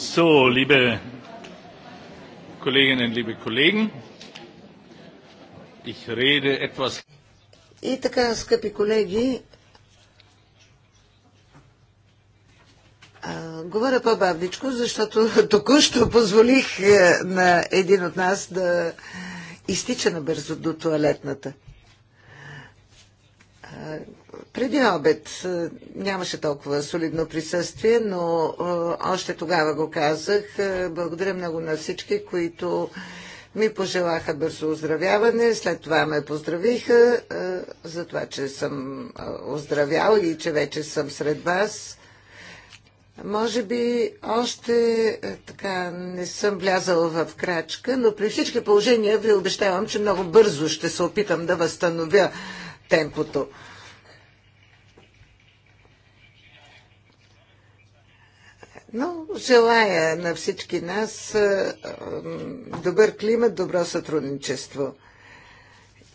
So, liebe Kolleginnen, liebe Kollegen, ich rede etwas. И така, скъпи колеги, а, говоря по-бавничко, защото току-що позволих е, на един от нас да изтича набързо до туалетната преди обед нямаше толкова солидно присъствие, но още тогава го казах. Благодаря много на всички, които ми пожелаха бързо оздравяване, след това ме поздравиха за това, че съм оздравял и че вече съм сред вас. Може би още така не съм влязала в крачка, но при всички положения ви обещавам, че много бързо ще се опитам да възстановя темпото. Но желая на всички нас добър климат, добро сътрудничество.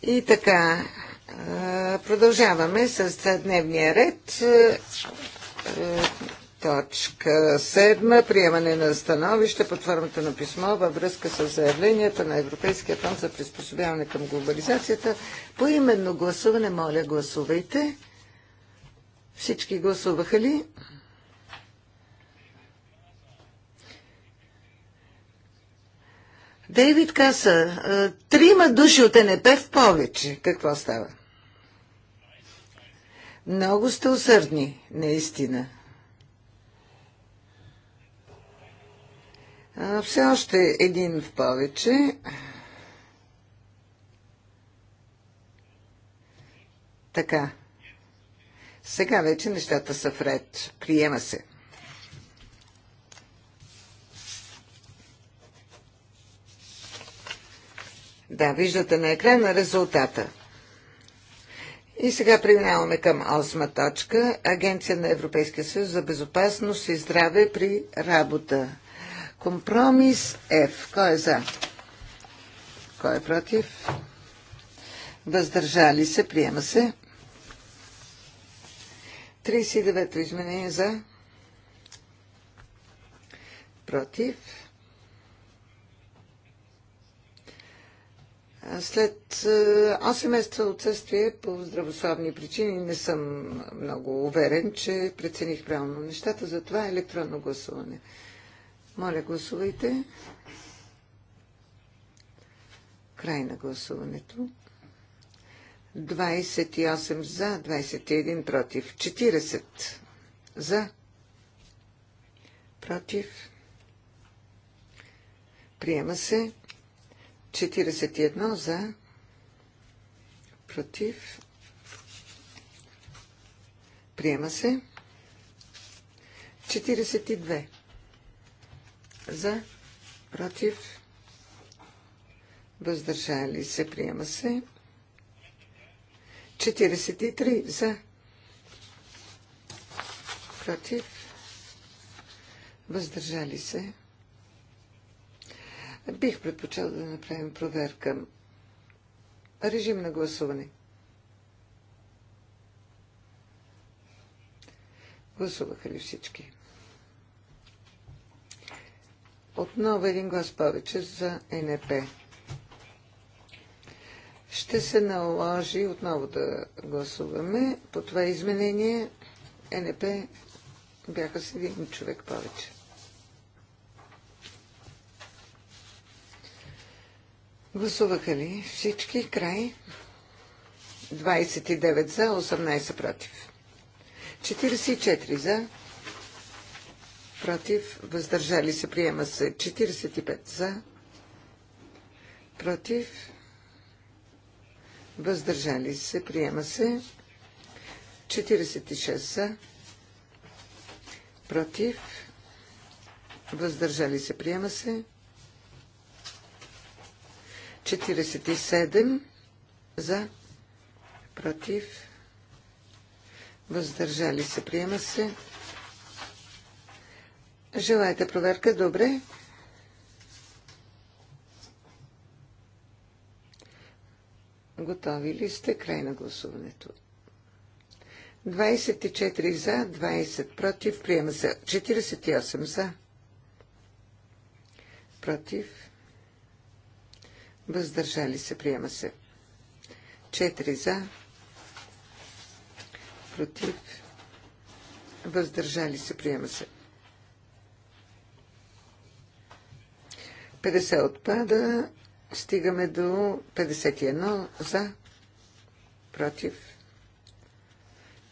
И така, продължаваме с дневния ред. Точка 7. Приемане на становище под формата на писмо във връзка с заявленията на Европейския фонд за приспособяване към глобализацията. По именно гласуване, моля, гласувайте. Всички гласуваха ли? Дейвид каза, трима души от НП в повече. Какво става? Много сте усърдни, наистина. Все още един в повече. Така. Сега вече нещата са вред. Приема се. Да, виждате на екрана резултата. И сега преминаваме към осма точка. Агенция на Европейския съюз за безопасност и здраве при работа. Компромис F. Кой е за? Кой е против? Въздържали се. Приема се. 39-то изменение за. Против. След 8 е, месеца отсъствие по здравословни причини не съм много уверен, че прецених правилно нещата, затова е електронно гласуване. Моля, гласувайте. Край на гласуването. 28 за, 21 против, 40 за, против. Приема се. 41 за, против, приема се. 42 за, против, въздържали се, приема се. 43 за, против, въздържали се. Бих предпочел да направим проверка. Режим на гласуване. Гласуваха ли всички? Отново един глас повече за НП. Ще се наложи отново да гласуваме. По това изменение НП бяха с един човек повече. Гласуваха ли всички? Край. 29 за, 18 против. 44 за, против, въздържали се, приема се. 45 за, против, въздържали се, приема се. 46 за, против, въздържали се, приема се. 47 за, против, въздържали се, приема се. Желаете проверка? Добре. Готови ли сте? Край на гласуването. 24 за, 20 против, приема се. 48 за, против, въздържали се, приема се. 4 за, против, въздържали се, приема се. 50 отпада, стигаме до 51 за, против,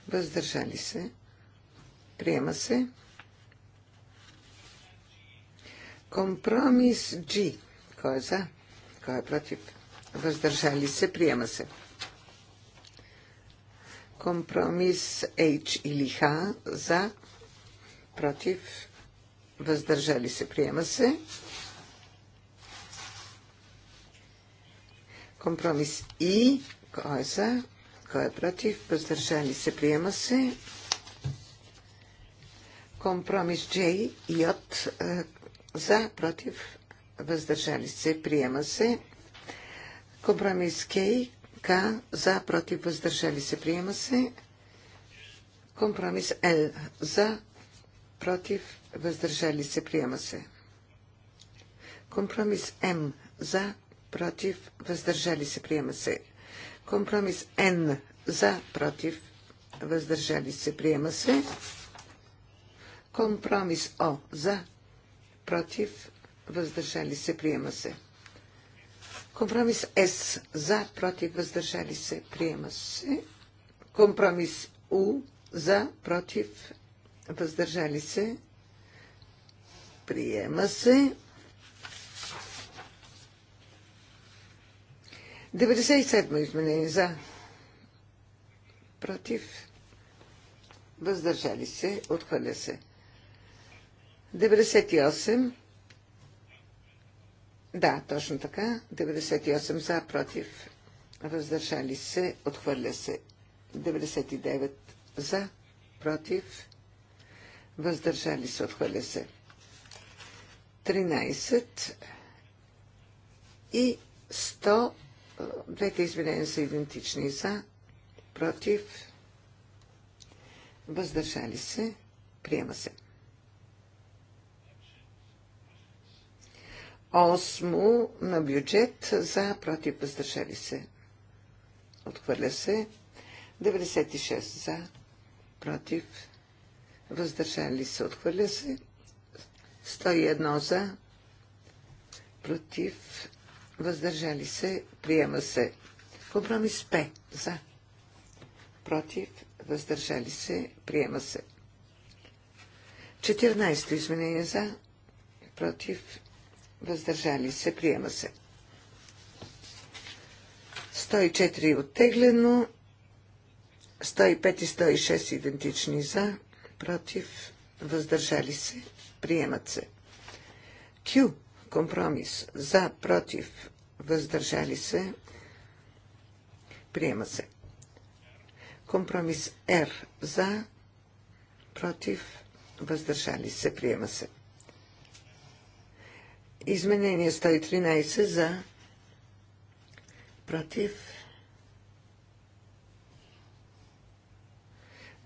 въздържали се, приема се. Компромис G. Кой е за? Кой е против? Въздържали се. Приема се. Компромис H или Х за. Против. Въздържали се. Приема се. Компромис И. Кой е за? Кой е против? Въздържали се. Приема се. Компромис J и от за, против, въздържали се, приема се. Компромис К, К, за, против, въздържали се, приема се. Компромис Л, за, против, въздържали се, приема се. Компромис М, за, против, въздържали се, приема се. Компромис Н, за, против, въздържали се, приема се. Компромис О, за, против, въздържали се, приема се. Компромис С за, против, въздържали се, приема се. Компромис У за, против, въздържали се, приема се. 97 изменение за, против, въздържали се, отхвърля се. 98 да, точно така. 98 за, против, въздържали се, отхвърля се. 99 за, против, въздържали се, отхвърля се. 13 и 100, двете изменения са идентични за, против, въздържали се, приема се. Осмо на бюджет за против въздържали се. Отхвърля се. 96 за против въздържали се. Отхвърля се. 101 за против въздържали се. Приема се. Компромис П за против въздържали се. Приема се. 14 изменение за против въздържали се, приема се. 104 оттеглено, 105 и 106 идентични за, против, въздържали се, приемат се. Q, компромис, за, против, въздържали се, приема се. Компромис R, за, против, въздържали се, приема се. Изменение 113 за против.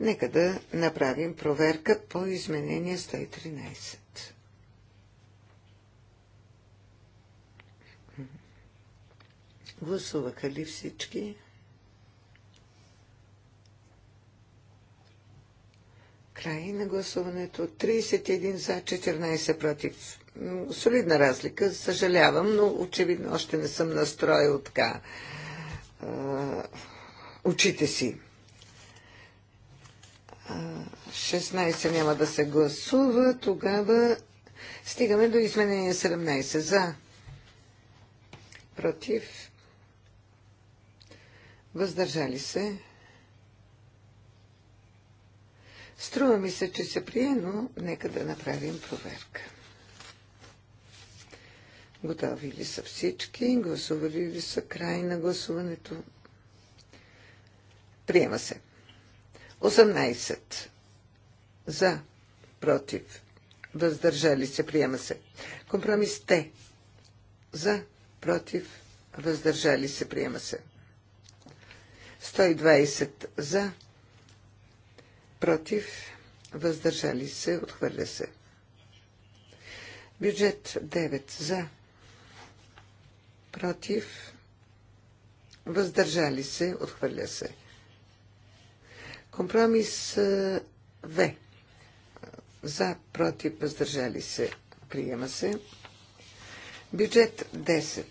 Нека да направим проверка по изменение 113. Гласуваха ли всички? Край на гласуването. 31 за, 14 против солидна разлика. Съжалявам, но очевидно още не съм настроил така очите си. 16 няма да се гласува, тогава стигаме до изменение 17. За. Против. Въздържали се. Струва ми се, че се прие, но нека да направим проверка. Готови ли са всички? Гласували ли са край на гласуването? Приема се. 18. За. Против. Въздържали се. Приема се. Компромис Т. За. Против. Въздържали се. Приема се. 120. За. Против. Въздържали се. Отхвърля се. Бюджет 9. За против, въздържали се, отхвърля се. Компромис В. За, против, въздържали се, приема се. Бюджет 10.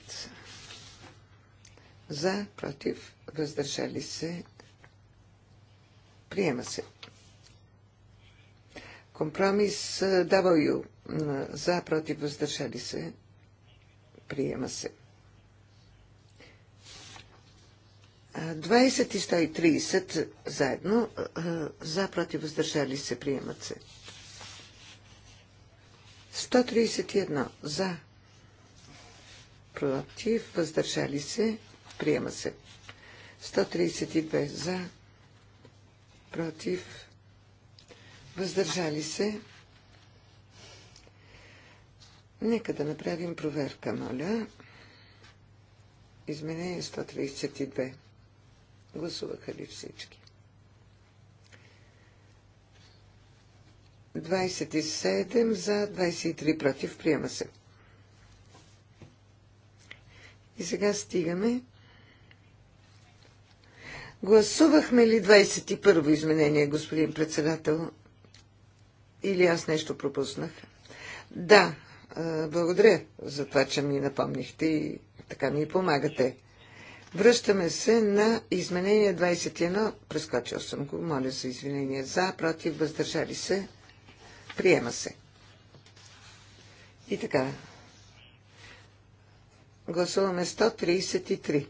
За, против, въздържали се, приема се. Компромис W. За, против, въздържали се, приема се. 20 и 130 заедно за против въздържали се приемат се. 131 за против въздържали се приема се. 132 за против въздържали се. Нека да направим проверка, моля. Изменение 132. Гласуваха ли всички? 27 за 23 против. Приема се. И сега стигаме. Гласувахме ли 21-во изменение, господин председател? Или аз нещо пропуснах? Да, благодаря за това, че ми напомнихте и така ми помагате. Връщаме се на изменение 21. Прескочил съм го. Моля за извинение. За, против, въздържали се. Приема се. И така. Гласуваме 133.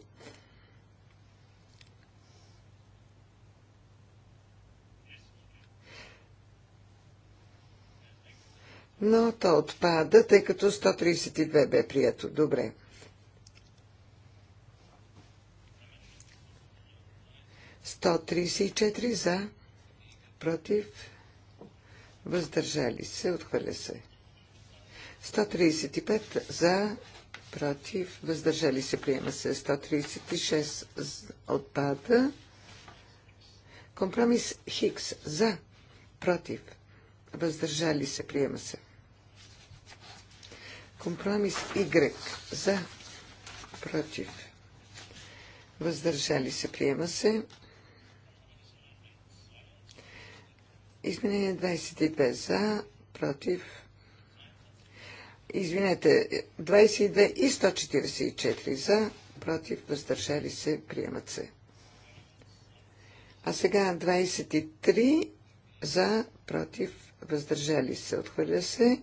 Но то отпада, тъй като 132 бе прието. Добре. 134 за, против, въздържали се, отхвърля се. 135 за, против, въздържали се, приема се. 136 отпада. Компромис Хикс за, против, въздържали се, приема се. Компромис Y за, против, въздържали се, приема се. Изменение 22 за, против. Извинете, 22 и 144 за, против, въздържали се, приемат се. А сега 23 за, против, въздържали се, отхвърля се.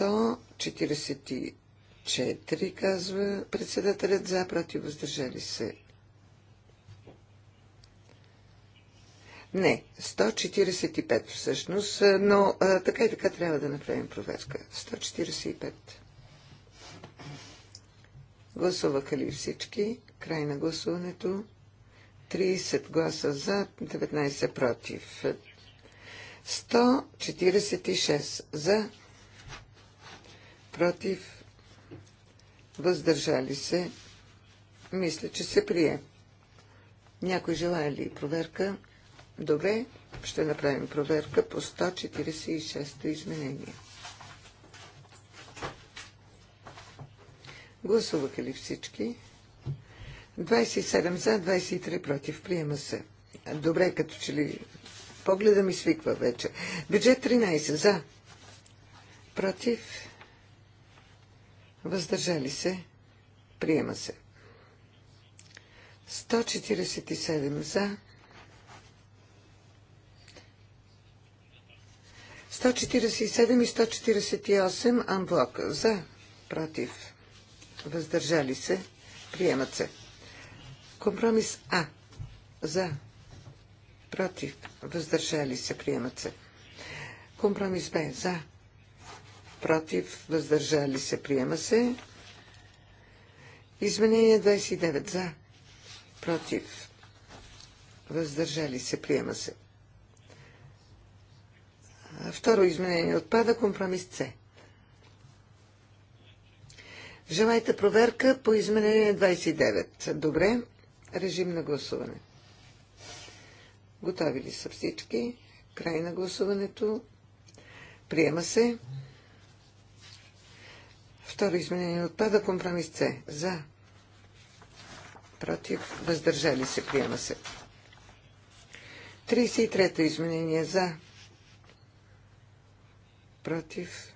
144 казва председателят за, против, въздържали се, Не, 145 всъщност, но а, така и така трябва да направим проверка. 145. Гласуваха ли всички? Край на гласуването. 30 гласа за, 19 против. 146 за, против, въздържали се. Мисля, че се прие. Някой желая ли проверка? Добре, ще направим проверка по 146-то изменение. Гласуваха ли всички? 27 за, 23 против. Приема се. Добре, като че ли погледа ми свиква вече. Бюджет 13 за, против, въздържали се, приема се. 147 за, 147 и 148 анблок За, против, въздържали се, приемат се. Компромис А. За, против, въздържали се, приемат се. Компромис Б. За, против, въздържали се, приема се. Изменение 29. За, против, въздържали се, приема се. Второ изменение отпада. Компромис С. Желайте проверка по изменение 29. Добре. Режим на гласуване. Готови ли са всички? Край на гласуването. Приема се. Второ изменение отпада. Компромис С. За. Против. Въздържали се. Приема се. 33-то изменение за против.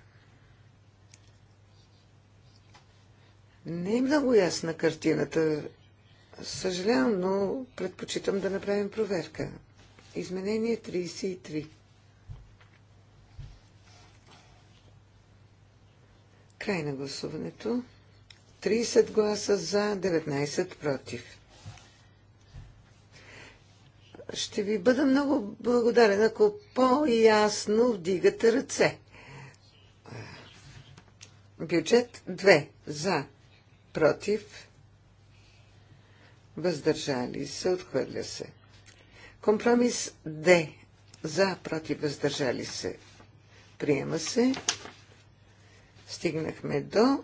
Не е много ясна картината. Съжалявам, но предпочитам да направим проверка. Изменение 33. Край на гласуването. 30 гласа за, 19 против. Ще ви бъда много благодарен, ако по-ясно вдигате ръце. Бюджет 2. За. Против. Въздържали се. Отхвърля се. Компромис Д. За. Против. Въздържали се. Приема се. Стигнахме до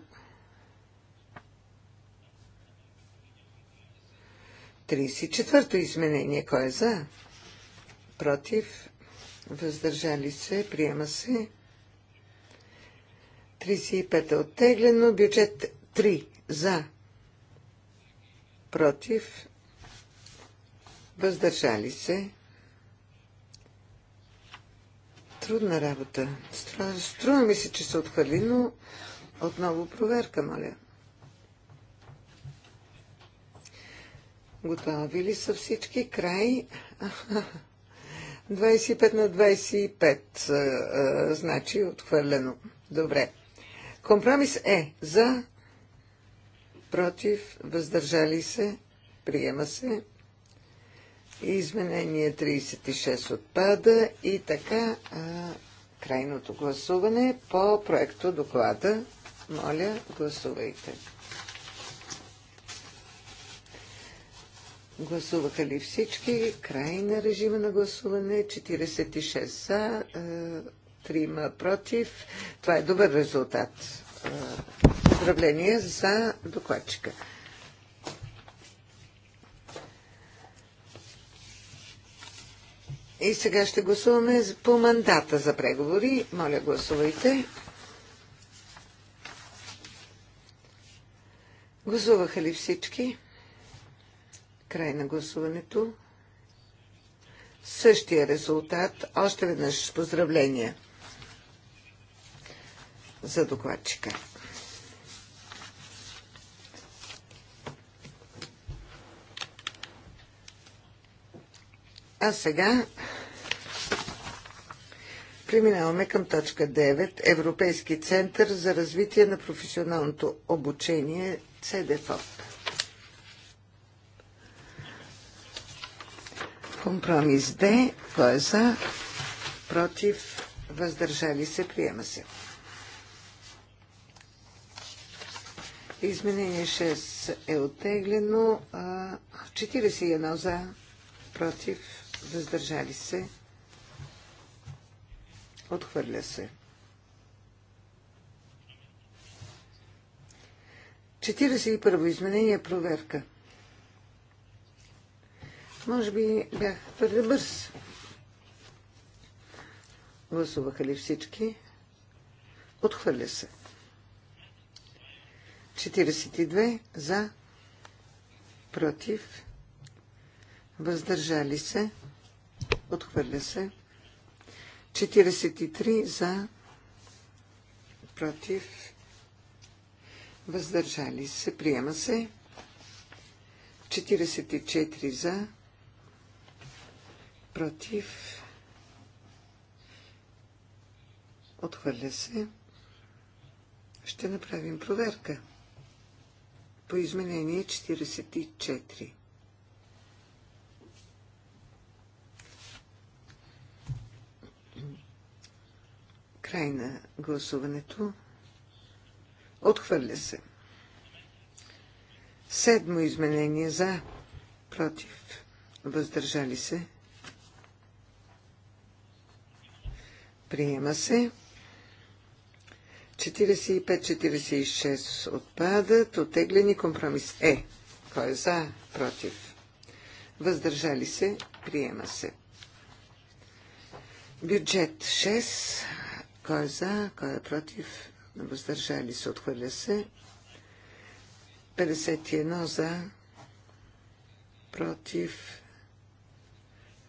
34-то изменение. Кой е за? Против? Въздържали се? Приема се? 35 е оттеглено. Бюджет 3 за. Против. Въздържали се. Трудна работа. Струва, струва ми се, че се отхвърли, но отново проверка, моля. Готови ли са всички? Край. 25 на 25. Значи отхвърлено. Добре. Компромис е за, против, въздържали се, приема се. Изменение 36 отпада и така а, крайното гласуване по проекто доклада. Моля, гласувайте. Гласуваха ли всички? Край на режима на гласуване. 46 са, 3 против. Това е добър резултат. Поздравление за докладчика. И сега ще гласуваме по мандата за преговори. Моля, гласувайте. Гласуваха ли всички? Край на гласуването. Същия резултат. Още веднъж поздравления за докладчика. А сега преминаваме към точка 9. Европейски център за развитие на професионалното обучение CDFOP. Компромис Д. Кой е за? Против? Въздържали се? Приема се. Изменение 6 е оттеглено. 41 за, против, въздържали се. Отхвърля се. 41 изменение проверка. Може би бях твърде бърз. Гласуваха ли всички? Отхвърля се. 42. 42 за, против, въздържали се, отхвърля се. 43 за, против, въздържали се, приема се. 44 за, против, отхвърля се. Ще направим проверка по изменение 44. Край на гласуването. Отхвърля се. Седмо изменение за, против, въздържали се. Приема се. 45-46 отпадат, отеглени компромис Е. Кой е за? Против. Въздържали се? Приема се. Бюджет 6. Кой е за? Кой е против? Въздържали се? Отхвърля се. 51 за. Против.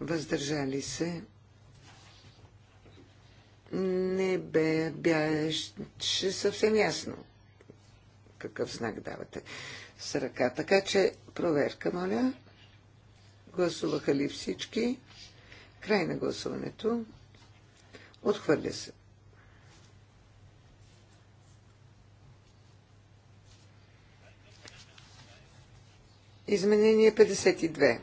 Въздържали се? не бе, беше съвсем ясно какъв знак давате с ръка. Така че проверка, моля. Гласуваха ли всички? Край на гласуването. Отхвърля се. Изменение 52.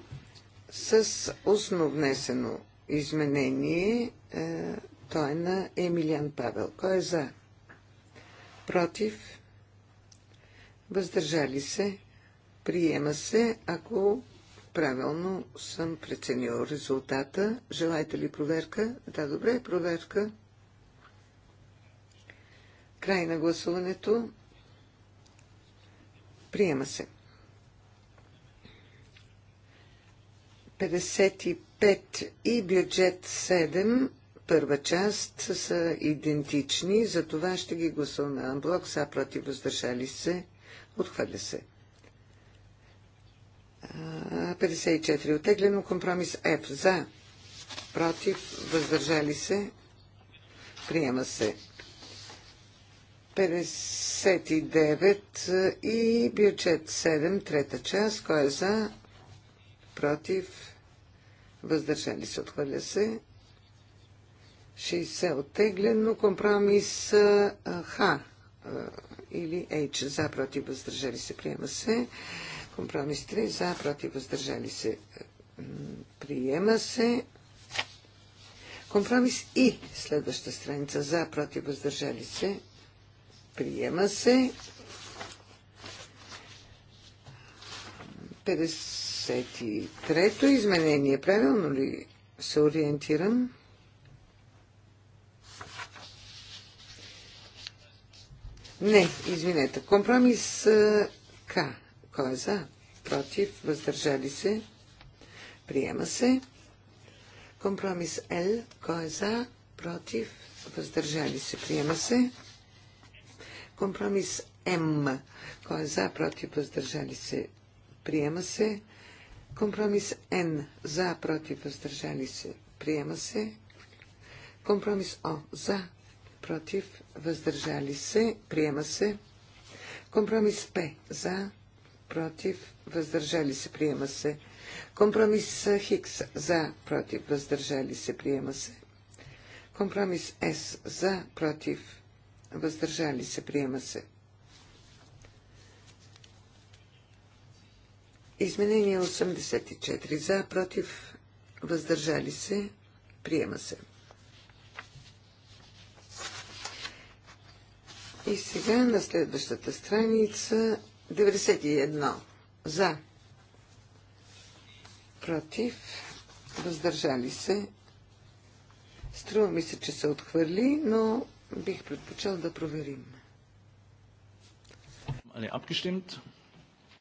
С основнесено изменение е, той е на Емилиан Павел. Кой е за? Против? Въздържали се? Приема се, ако правилно съм преценил резултата. Желаете ли проверка? Да, добре, проверка. Край на гласуването. Приема се. 55 и бюджет 7 първа част са идентични, затова ще ги гласувам на блок, са против, въздържали се, отхвърля се. 54. Отеглено компромис F. За. Против. Въздържали се. Приема се. 59 и бюджет 7, трета част. Кой е за? Против. Въздържали се. Отхвърля се. 60 но Компромис Х или H за против въздържали се приема се. Компромис 3 за против въздържали се приема се. Компромис И следваща страница за против въздържали се приема се. 53-то изменение. Правилно ли се ориентирам? Не, извинете. Компромис К. Кой е за? Против. Въздържали се. Приема се. Компромис Л. Кой е за? Против. Въздържали се. Приема се. Компромис М. Кой е за? Против. Въздържали се. Приема се. Компромис Н. За. Против. Въздържали се. Приема се. Компромис О. За против, въздържали се, приема се. Компромис П за, против, въздържали се, приема се. Компромис Хикс за, против, въздържали се, приема се. Компромис С за, против, въздържали се, приема се. Изменение 84 за, против, въздържали се, приема се. И сега на следващата страница 91. За. Против. Въздържали се. Струва ми се, че се отхвърли, но бих предпочел да проверим. Не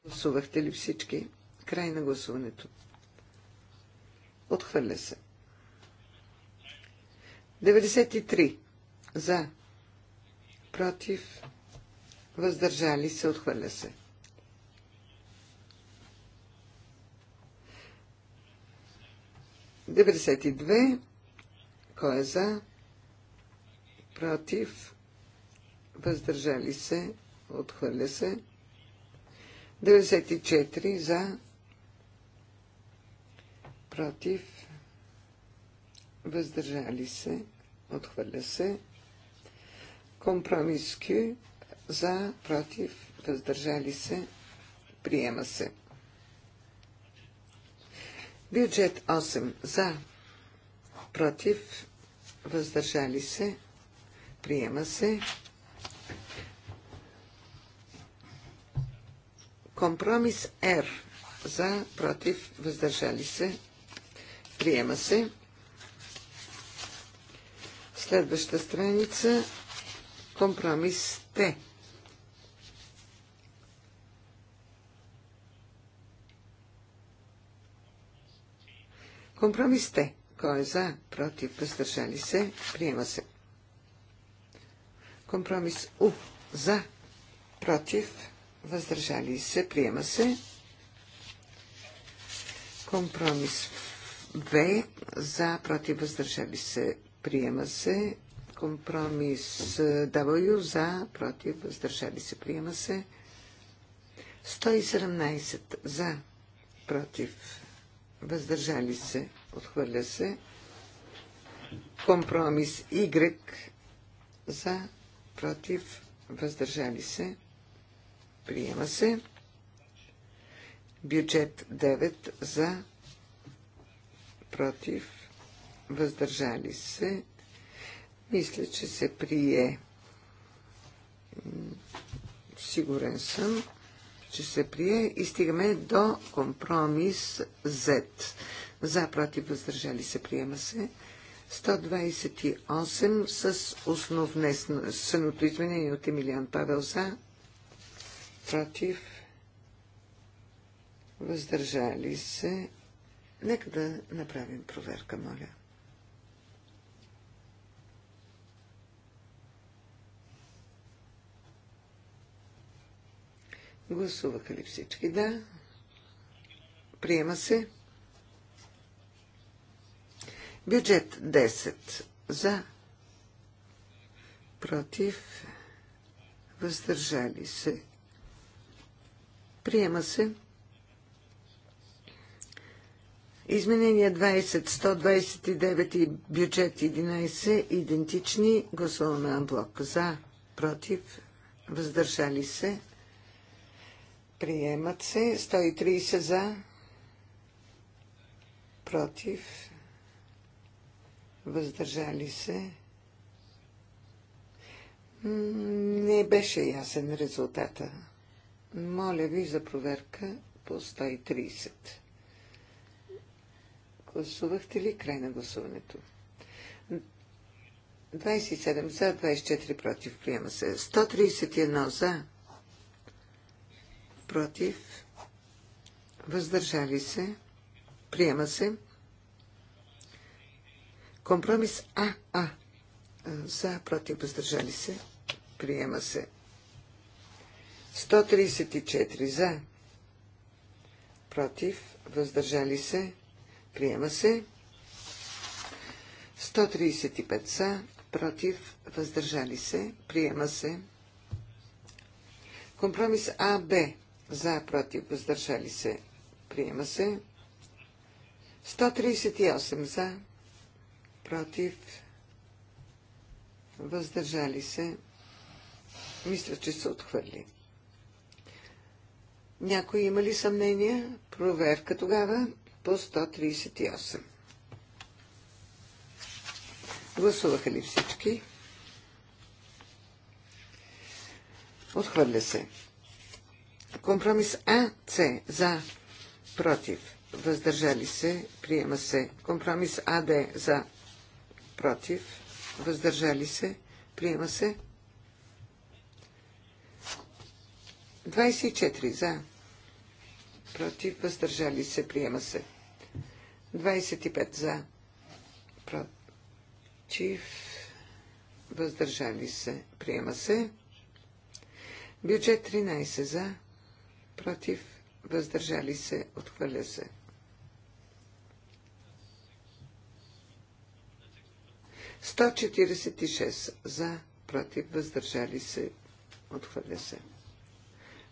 Гласувахте ли всички? Край на гласуването. Отхвърля се. 93. За против, въздържали се, отхвърля се. Деветдесет и две, кой е за, против, въздържали се, отхвърля се. 94 за, против, въздържали се, отхвърля се. Компромис за, против, въздържали се, приема се. Бюджет 8 за, против, въздържали се, приема се. Компромис R за, против, въздържали се, приема се. Следваща страница Компромис Т. Компромис Т. Кой е за, против, въздържали се, приема се. Компромис У. За, против, въздържали се, приема се. Компромис В. За, против, въздържали се, приема се. Компромис е, W за, против, въздържали се, приема се. 117 за, против, въздържали се, отхвърля се. Компромис Y за, против, въздържали се, приема се. Бюджет 9 за, против, въздържали се, мисля, че се прие. Сигурен съм, че се прие и стигаме до компромис Z. За, против, въздържали се, приема се. 128 с основне съното изменение от Емилиан Павел за, против, въздържали се. Нека да направим проверка, моля. Гласуваха ли всички? Да. Приема се. Бюджет 10 за, против, въздържали се. Приема се. Изменения 20, 129 и бюджет 11 идентични. Гласуваме блок. За, против, въздържали се. Приемат се. 130 за. Против. Въздържали се. Не беше ясен резултата. Моля ви за проверка по 130. Гласувахте ли край на гласуването? 27 за, 24 против. Приема се. 131 за против, въздържали се, приема се. Компромис АА за, против, въздържали се, приема се. 134 за, против, въздържали се, приема се. 135 са, против, въздържали се, приема се. Компромис А, Б за, против, въздържали се, приема се. 138 за, против, въздържали се, мисля, че се отхвърли. Някой има ли съмнения? Проверка тогава по 138. Гласуваха ли всички? Отхвърля се. Компромис А С за, против, въздържали се, приема се. Компромис АД за, против, въздържали се, приема се. 24 за, против, въздържали се, приема се. 25 за, против, въздържали се, приема се. Бюджет 13 за, против, въздържали се, отхвърля се. 146 за, против, въздържали се, отхвърля се.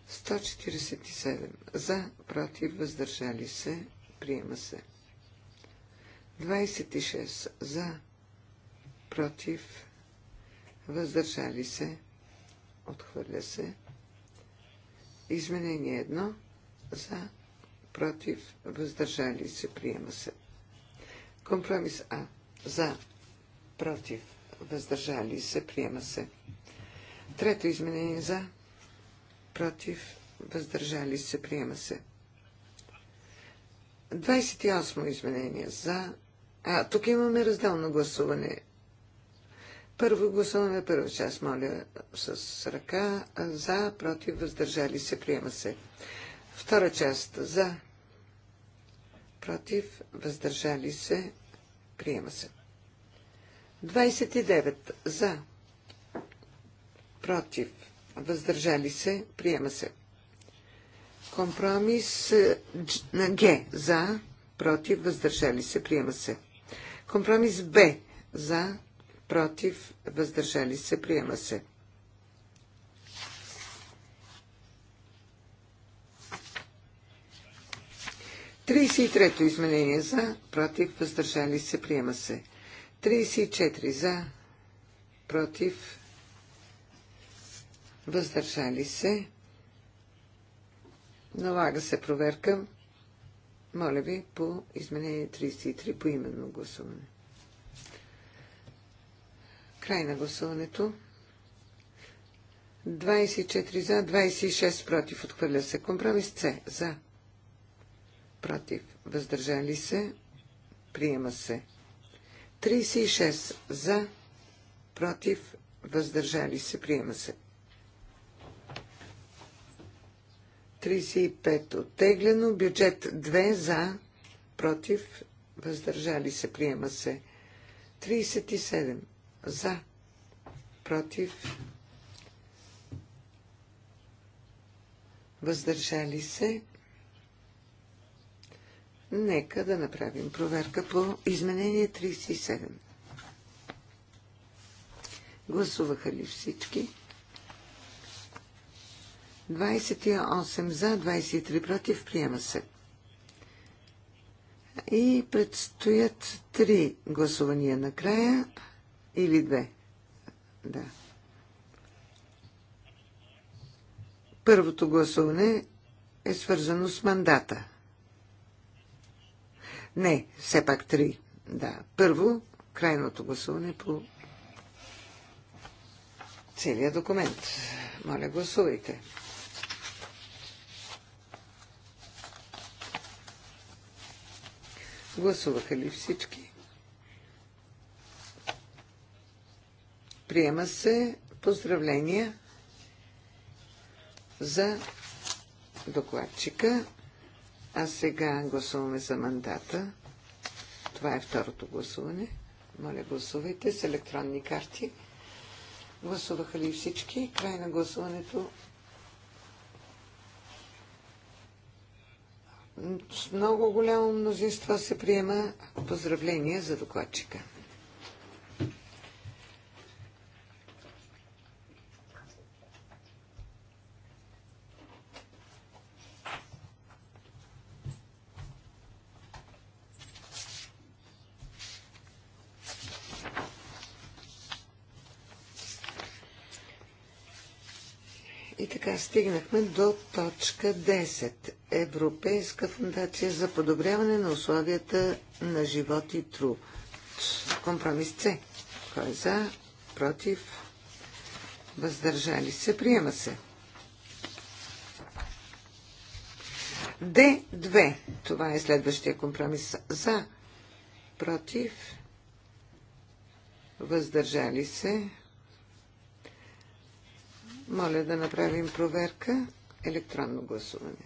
147 за, против, въздържали се, приема се. 26 за, против, въздържали се, отхвърля се. Изменение едно за, против, въздържали се, приема се. Компромис А. За, против, въздържали се, приема се. Трето изменение за, против, въздържали се, приема се. 28 изменение за... А, тук имаме разделно гласуване. Първо гласуваме първа част, моля, с ръка. За, против, въздържали се, приема се. Втора част. За, против, въздържали се, приема се. 29. За, против, въздържали се, приема се. Компромис е, на Г. За, против, въздържали се, приема се. Компромис Б. За, против, въздържали се, приема се. Тридесет трето изменение за, против, въздържали се, приема се. 34 за, против, въздържали се. Налага се проверка. Моля ви по изменение 33 по именно гласуване. Край на гласуването. 24 за, 26 против. Отхвърля се. Компромис С. За. Против. Въздържали се. Приема се. 36 за. Против. Въздържали се. Приема се. 35 оттеглено. Бюджет 2 за. Против. Въздържали се. Приема се. 37 за, против, въздържали се. Нека да направим проверка по изменение 37. Гласуваха ли всички? 28 за, 23 против, приема се. И предстоят три гласувания накрая. края или две. Да. Първото гласуване е свързано с мандата. Не, все пак три. Да. Първо, крайното гласуване е по целият документ. Моля, гласувайте. Гласуваха ли всички? Приема се поздравления за докладчика. А сега гласуваме за мандата. Това е второто гласуване. Моля, гласувайте с електронни карти. Гласуваха ли всички? Край на гласуването. С много голямо мнозинство се приема поздравление за докладчика. стигнахме до точка 10. Европейска фундация за подобряване на условията на живот и труд. Компромис С. Кой е за? Против? Въздържали се? Приема се. Д2. Това е следващия компромис. За? Против? Въздържали се? Моля да направим проверка. Електронно гласуване.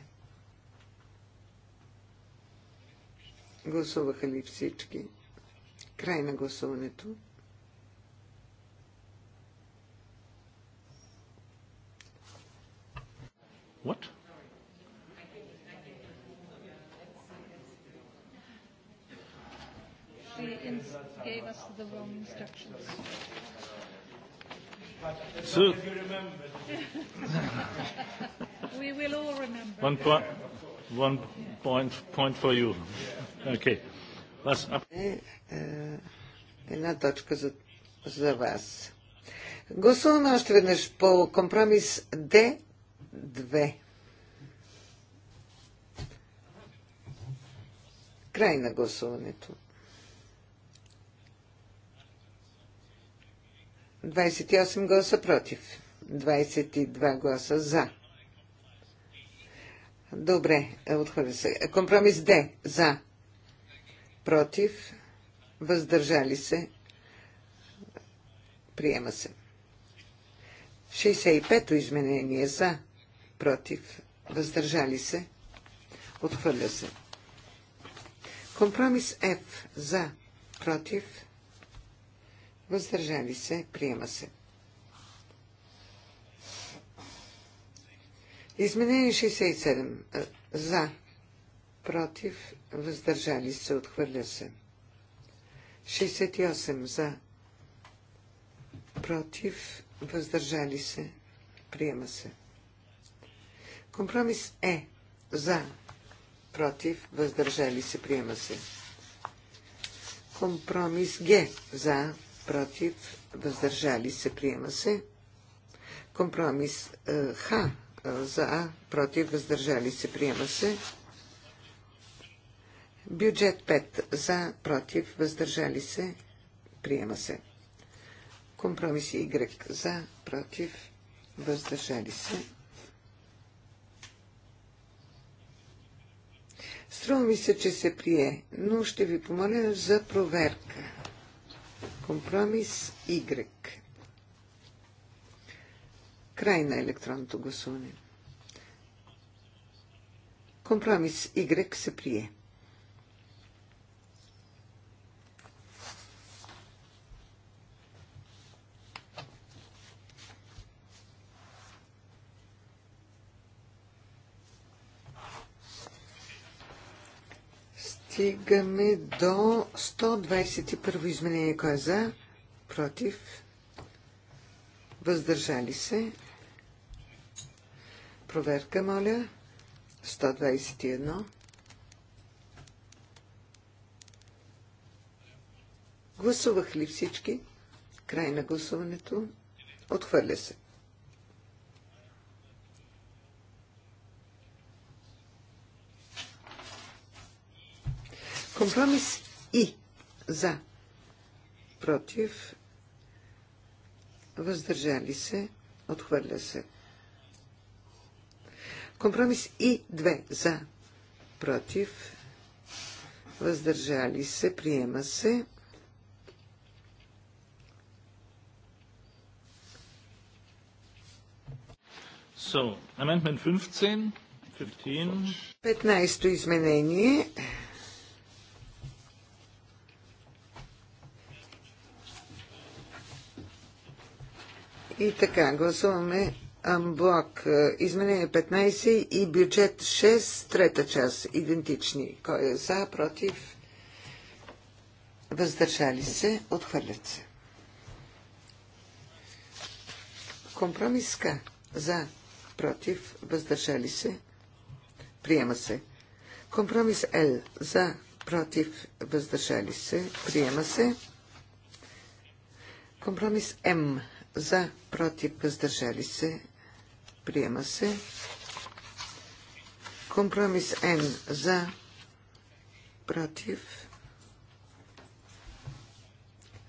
Гласуваха ли всички? Край на гласуването. What? She gave us the wrong instructions. So, will all remember. One point, one point, point for you. Okay. Was up? Е, е, една точка за, за вас. Гласуваме още веднъж по компромис Д2. Край на гласуването. 28 гласа против, 22 гласа за. Добре, е, отхвърля се. Компромис Д. За. Против. Въздържали се. Приема се. 65-то изменение. За. Против. Въздържали се. Отхвърля се. Компромис Ф. За. Против въздържали се, приема се. Изменение 67. Е, за, против, въздържали се, отхвърля се. 68. За, против, въздържали се, приема се. Компромис е за, против, въздържали се, приема се. Компромис Г за, против, въздържали се, приема се. Компромис е, Х е, за, против, въздържали се, приема се. Бюджет 5 за, против, въздържали се, приема се. Компромис Y за, против, въздържали се. Струва ми се, че се прие, но ще ви помоля за проверка. Компромис Y. Край на електронното гласуване. Компромис Y се прие. стигаме до 121 изменение. Кой е за? Против? Въздържали се? Проверка, моля. 121. Гласувах ли всички? Край на гласуването. Отхвърля се. Компромис И. За. Против. Въздържали се. Отхвърля се. Компромис И. 2. За. Против. Въздържали се. Приема се. So, amendment 15. 15. 15 изменение. И така, гласуваме Амблок. Е, изменение 15 и бюджет 6, трета част, идентични. Кой е за, против, въздържали се, отхвърлят се. Компромиска. За, против, въздържали се, приема се. Компромис Л. За, против, въздържали се, приема се. Компромис М. За, против, въздържали се. Приема се. Компромис Н. За, против,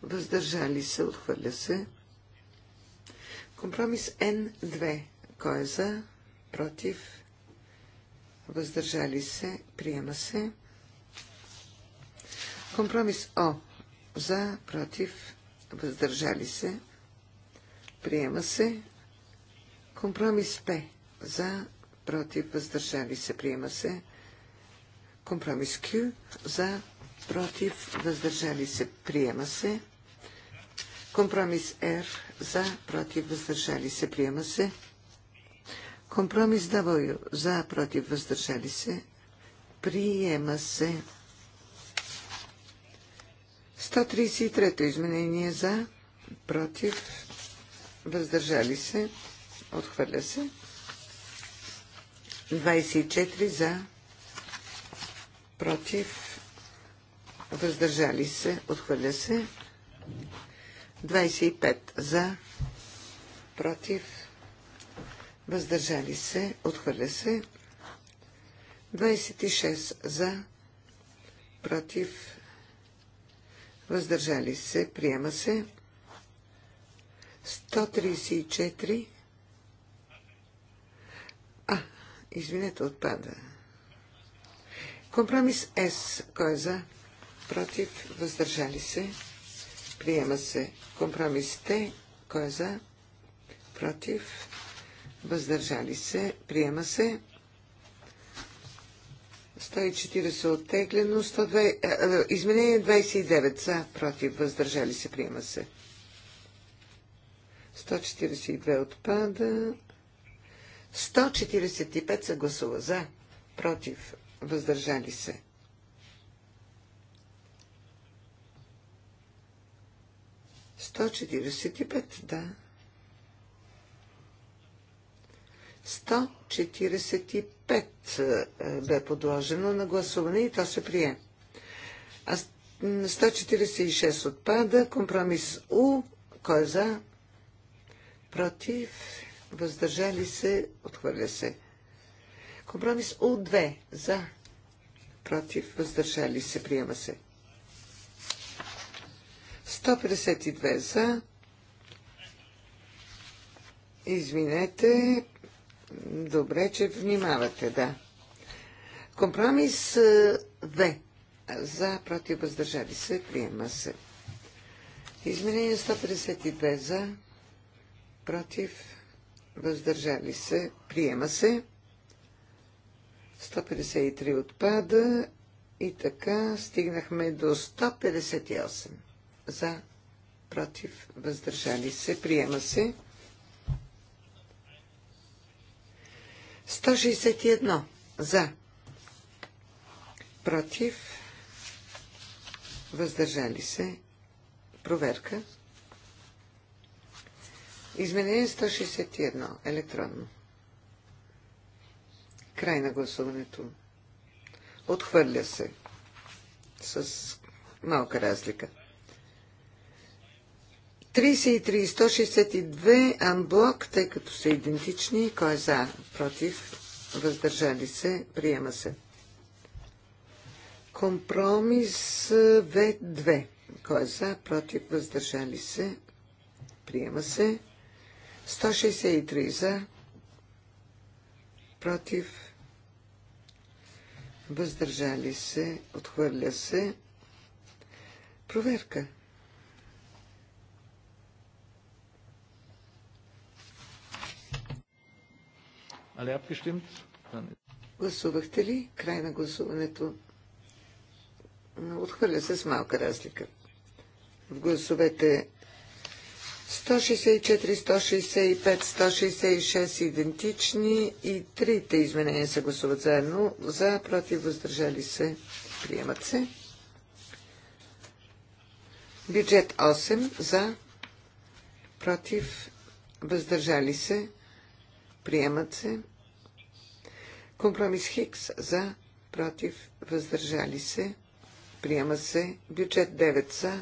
въздържали се, отхвърля се. Компромис Н2. Кой е за? Против? Въздържали се? Приема се. Компромис О. За? Против? Въздържали се? Приема се. Компромис П. За, против, въздържали се. Приема се. Компромис Q. За, против, въздържали се. Приема се. Компромис R. За, против, въздържали се. Приема се. Компромис W. За, против, въздържали се. Приема се. 133-то изменение за, против, въздържали се, отхвърля се. 24 за, против, въздържали се, отхвърля се. 25 за, против, въздържали се, отхвърля се. 26 за, против, въздържали се, приема се. 134. А, извинете, отпада. Компромис С. Кой е за? Против. Въздържали се. Приема се. Компромис Т. Кой е за? Против. Въздържали се. Приема се. 140 е оттеглено. 102, е, е, изменение 29 за. Против. Въздържали се. Приема се. 142 отпада. 145 са гласува за, против, въздържали се. Сто четиридесет и пет, да. Сто четиридесет и пет е, бе подложено на гласуване и то се прие. А 146 отпада, компромис У, кой е за, против, въздържали се, отхвърля се. Компромис У2 за, против, въздържали се, приема се. 152 за. Извинете, добре, че внимавате, да. Компромис е, В. За, против, въздържали се, приема се. Изменение 152 за, против, въздържали се, приема се. 153 отпада и така стигнахме до 158 за, против, въздържали се, приема се. 161 за, против, въздържали се, проверка. Изменение 161. Електронно. Край на гласуването. Отхвърля се. С малка разлика. 33 162 анблок, тъй като са идентични. Кой е за? Против? Въздържали се? Приема се. Компромис В2. Кой е за? Против? Въздържали се? Приема се. 163 за, против, въздържали се, отхвърля се. Проверка. Гласувахте ли? Край на гласуването. Отхвърля се с малка разлика. В гласовете 164, 165, 166 идентични и трите изменения се гласуват заедно. За, против, въздържали се, приемат се. Бюджет 8 за, против, въздържали се, приемат се. Компромис Хикс за, против, въздържали се, приема се. Бюджет 9 за,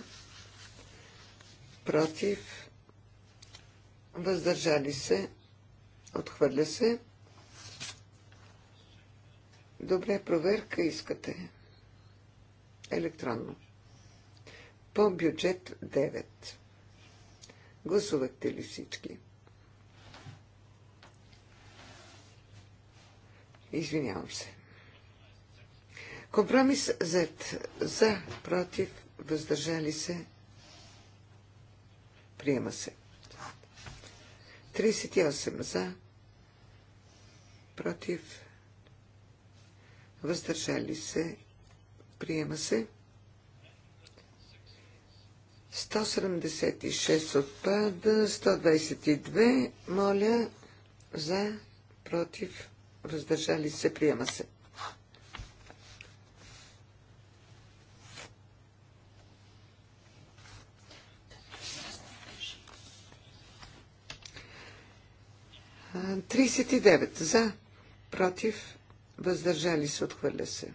против, въздържали се, отхвърля се. Добре, проверка искате. Електронно. По бюджет 9. Гласувахте ли всички? Извинявам се. Компромис Z. За, против, въздържали се. Приема се. 38 за, против, въздържали се, приема се. 176 отпада, 122, моля, за, против, въздържали се, приема се. 39 за, против, въздържали се, отхвърля се.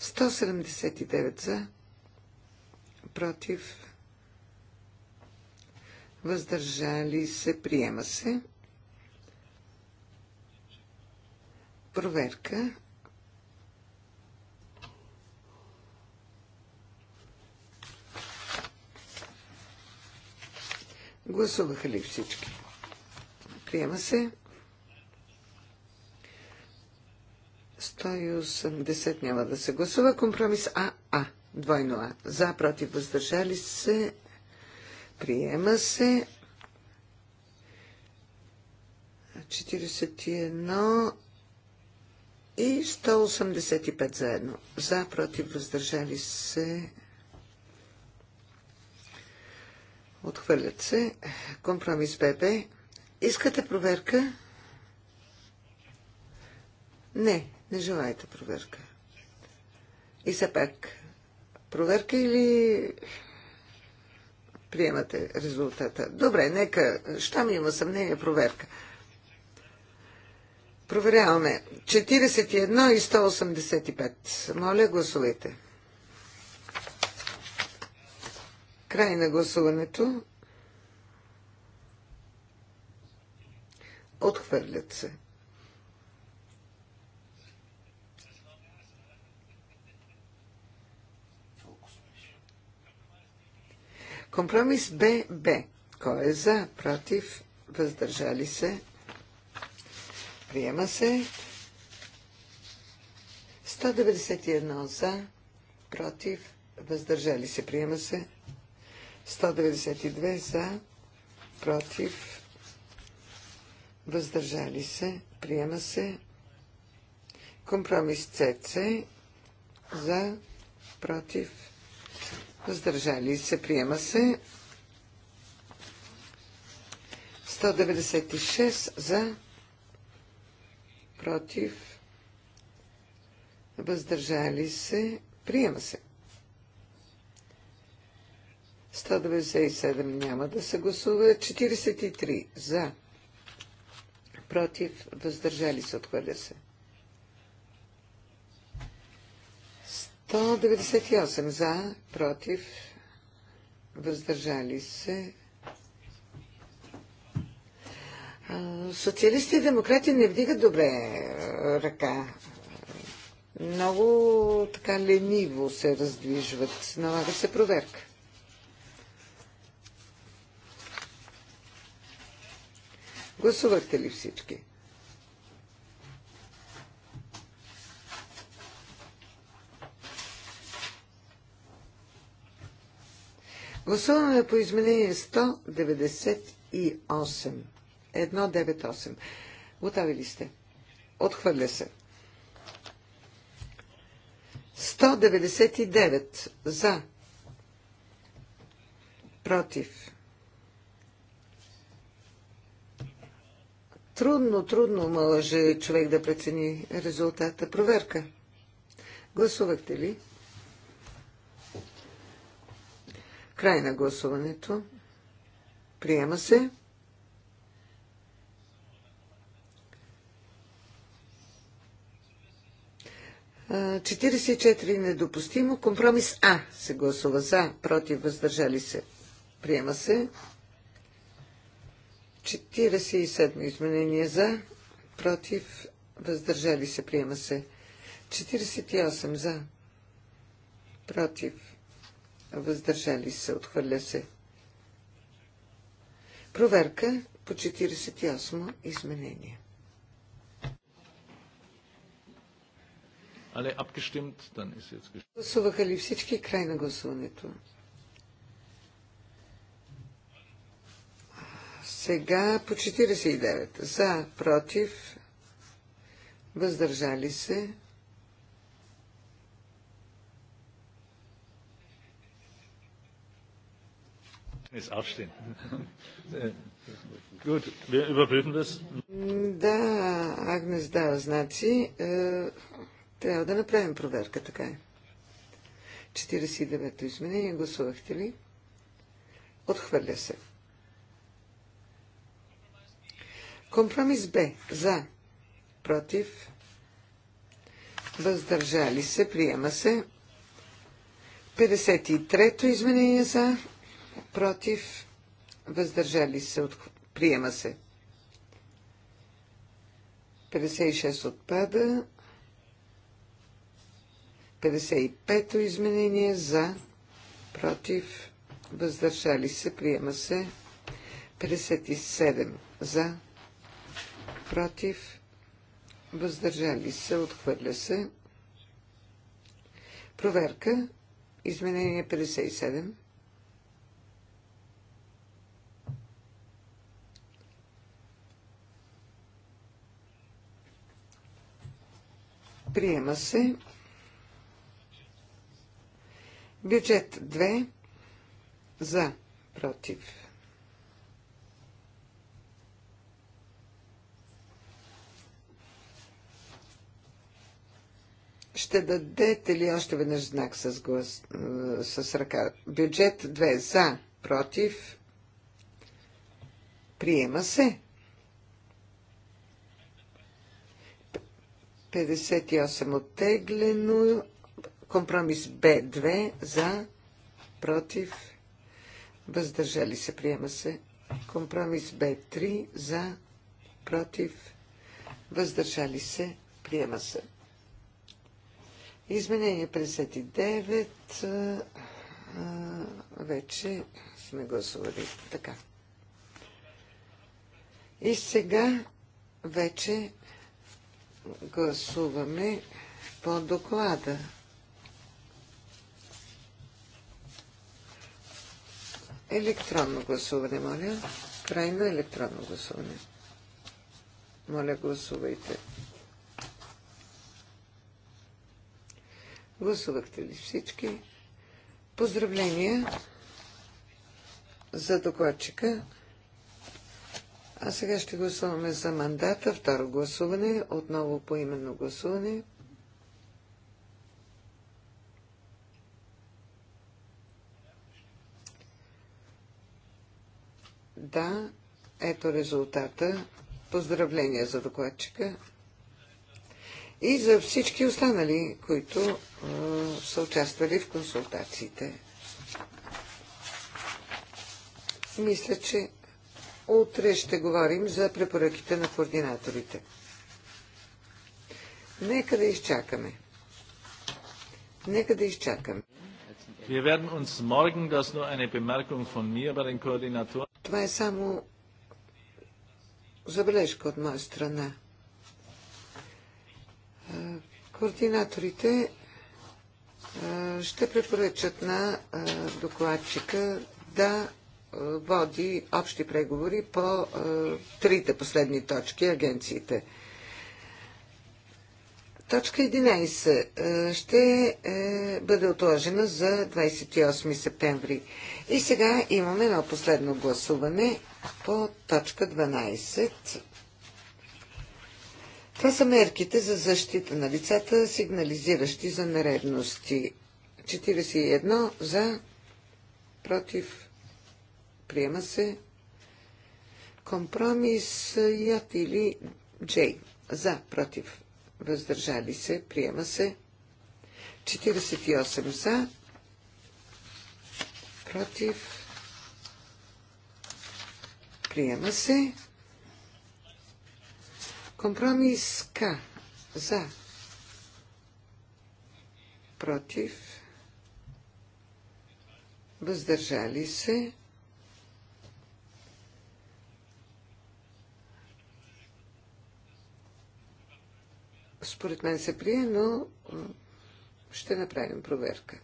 179 за, против, въздържали се, приема се. Проверка Гласуваха ли всички? Приема се. 180 няма да се гласува. Компромис АА. Двойно А. За, против, въздържали се. Приема се. 41 и 185 заедно. За, против, въздържали се. Отхвърлят се. Компромис ББ. Искате проверка? Не, не желаете проверка. И все пак, проверка или приемате резултата? Добре, нека, ми има съмнение, проверка. Проверяваме. 41 и 185. Моля, гласувайте. Край на гласуването. Отхвърлят се. Компромис ББ. Кой е за, против, въздържали се? Приема се. 191 за, против, въздържали се. Приема се. 192 за, против, въздържали се, приема се. Компромис ЦЦ за, против, въздържали се, приема се. 196 за, против, въздържали се, приема се. 197 няма да се гласува. 43 за. Против. Въздържали се. Отхвърля се. 198 за. Против. Въздържали се. Социалисти и демократи не вдигат добре ръка. Много така лениво се раздвижват. Налага се проверка. Гласувахте ли всички? Гласуваме по изменение 198. 198. Готови ли сте? Отхвърля се. 199 за. Против. Трудно, трудно може човек да прецени резултата. Проверка. Гласувахте ли? Край на гласуването. Приема се. А, 44 недопустимо. Компромис А се гласува за, против, въздържали се. Приема се. 47 изменения за, против, въздържали се, приема се. 48 за, против, въздържали се, отхвърля се. Проверка по 48 изменение. Гласуваха ли всички край на гласуването? Сега по 49. За, против, въздържали се. aufstehen. Gut, wir überprüfen das. Да, Агнес дава знаци. Е, трябва да направим проверка, така е. 49-то изменение гласувахте ли? Отхвърля се. Компромис Б. За. Против. Въздържали се. Приема се. 53-то изменение за. Против. Въздържали се. От... Приема се. 56 отпада. 55-то изменение за. Против. Въздържали се. Приема се. 57 за против, въздържали се, отхвърля се. Проверка, изменение 57. Приема се. Бюджет 2 за против Ще дадете ли още веднъж знак с, глас, с ръка? Бюджет 2 за, против, приема се. 58 оттеглено, компромис Б2 за, против, въздържали се, приема се. Компромис Б3 за, против, въздържали се, приема се. Изменение 59 вече сме гласували така. И сега вече гласуваме по доклада. Електронно гласуване, моля. Крайно електронно гласуване. Моля, гласувайте. Гласувахте ли всички? Поздравления за докладчика. А сега ще гласуваме за мандата. Второ гласуване. Отново по именно гласуване. Да, ето резултата. Поздравления за докладчика и за всички останали, които са участвали в консултациите. Мисля, че утре ще говорим за препоръките на координаторите. Нека да изчакаме. Нека да изчакаме. Това е само забележка от моя страна. Координаторите ще препоръчат на докладчика да води общи преговори по трите последни точки агенциите. Точка 11 ще е, бъде отложена за 28 септември. И сега имаме едно последно гласуване по точка 12 това са мерките за защита на лицата, сигнализиращи за нередности. 41 за, против, приема се. Компромис ят или Джей. За, против, въздържали се, приема се. 48 за, против, приема се. Компромис К. За. Против. Въздържали се. Според мен се прие, но ще направим проверка.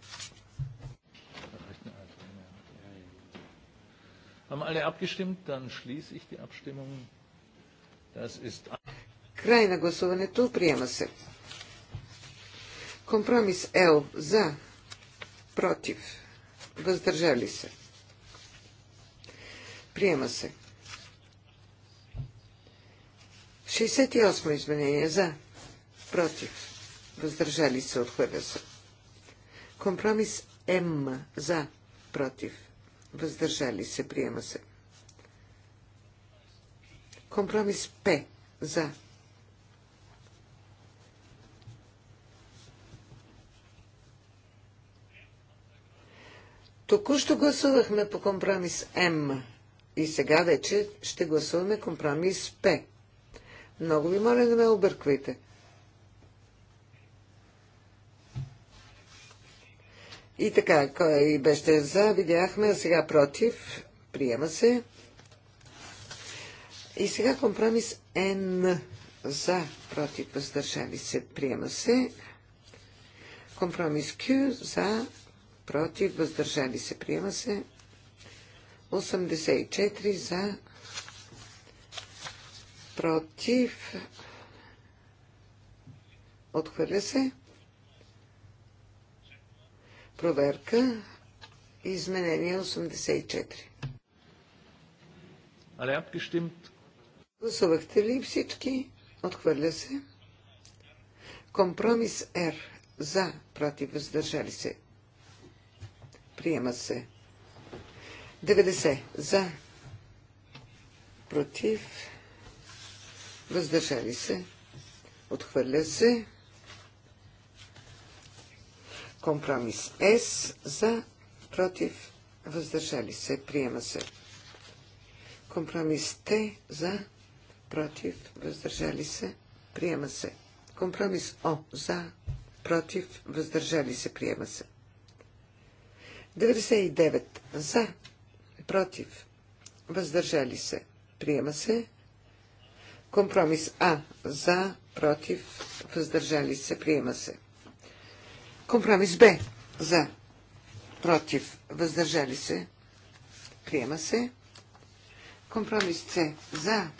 Haben alle abgestimmt? Dann schließe ich die Abstimmung. Das ist Край на гласуването. Приема се. Компромис Л. За. Против. Въздържали се. Приема се. 68 изменение. За. Против. Въздържали се. Отхвърля се. Компромис М. За. Против. Въздържали се. Приема се. Компромис П. За. Току-що гласувахме по компромис М и сега вече ще гласуваме компромис П. Много ви моля, да ме обърквайте. И така, кой беше за, видяхме, а сега против. Приема се. И сега компромис Н. За, против, въздържали се. Приема се. Компромис Q. За, против, въздържали се, приема се. 84 за, против, отхвърля се. Проверка, изменение 84. Але Гласувахте ли всички? Отхвърля се. Компромис Р. За, против, въздържали се. Приема се. 90. За. Против. Въздържали се. Отхвърля се. Компромис С. За. Против. Въздържали се. Приема се. Компромис Т. За. Против. Въздържали се. Приема се. Компромис О. За. Против. Въздържали се. Приема се. 99 за, против, въздържали се, приема се. Компромис А за, против, въздържали се, приема се. Компромис Б за, против, въздържали се, приема се. Компромис С за,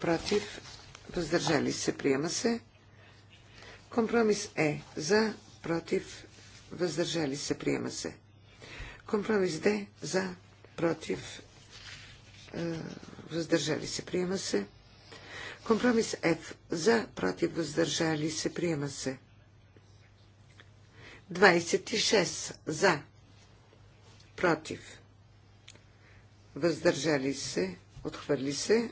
против, въздържали се, приема се. Компромис Е за, против, въздържали се, приема се. Компромис Д за, против, е, въздържали се, приема се. Компромис Ф. за, против, въздържали се, приема се. 26 за, против, въздържали се, отхвърли се.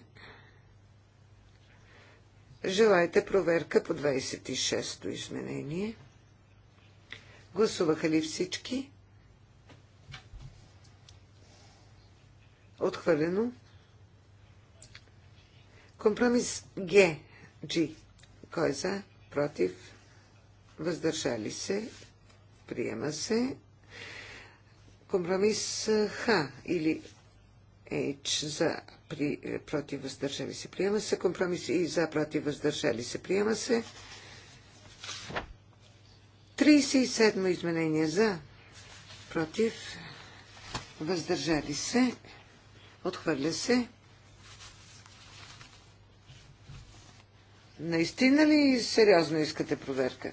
Желаете проверка по 26-то изменение. Гласуваха ли всички? Отхвърлено. Компромис Г. G. Кой е за? Против? Въздържали се? Приема се. Компромис Х или H за при, против въздържали се приема се. Компромис и за против въздържали се приема се. 37 изменение за против въздържали се. Отхвърля се. Наистина ли сериозно искате проверка?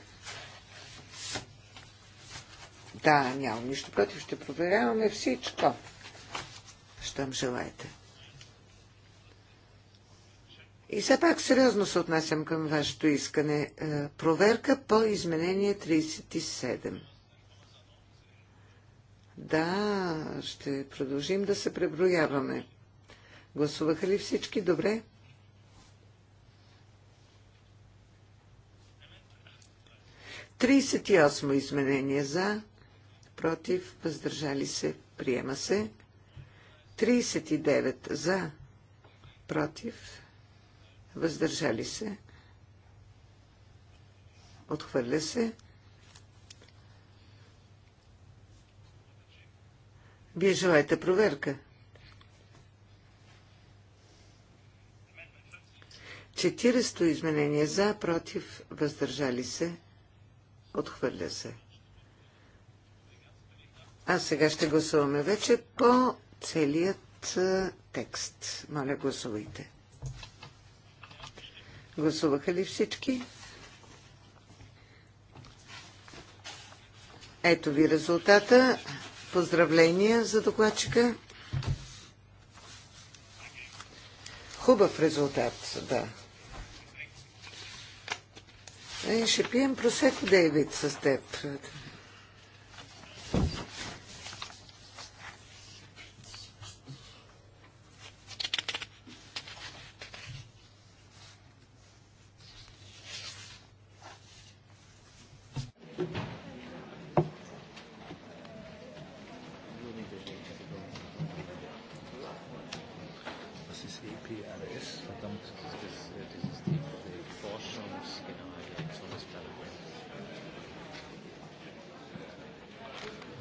Да, нямам нищо против. Ще проверяваме всичко. Щом желаете. И все пак сериозно се отнасям към вашето искане. Е, проверка по изменение 37. Да, ще продължим да се преброяваме. Гласуваха ли всички? Добре. Тридесет и осмо изменение за, против, въздържали се, приема се. 39 за, против, въздържали се, отхвърля се. Вие желаете проверка. Четиристо изменения изменение за, против, въздържали се, отхвърля се. А сега ще гласуваме вече по целият текст. Моля, гласувайте. Гласуваха ли всички? Ето ви резултата. Поздравления за докладчика. Хубав резултат, да. Е, ще пием просеко, Дейвид, с теб.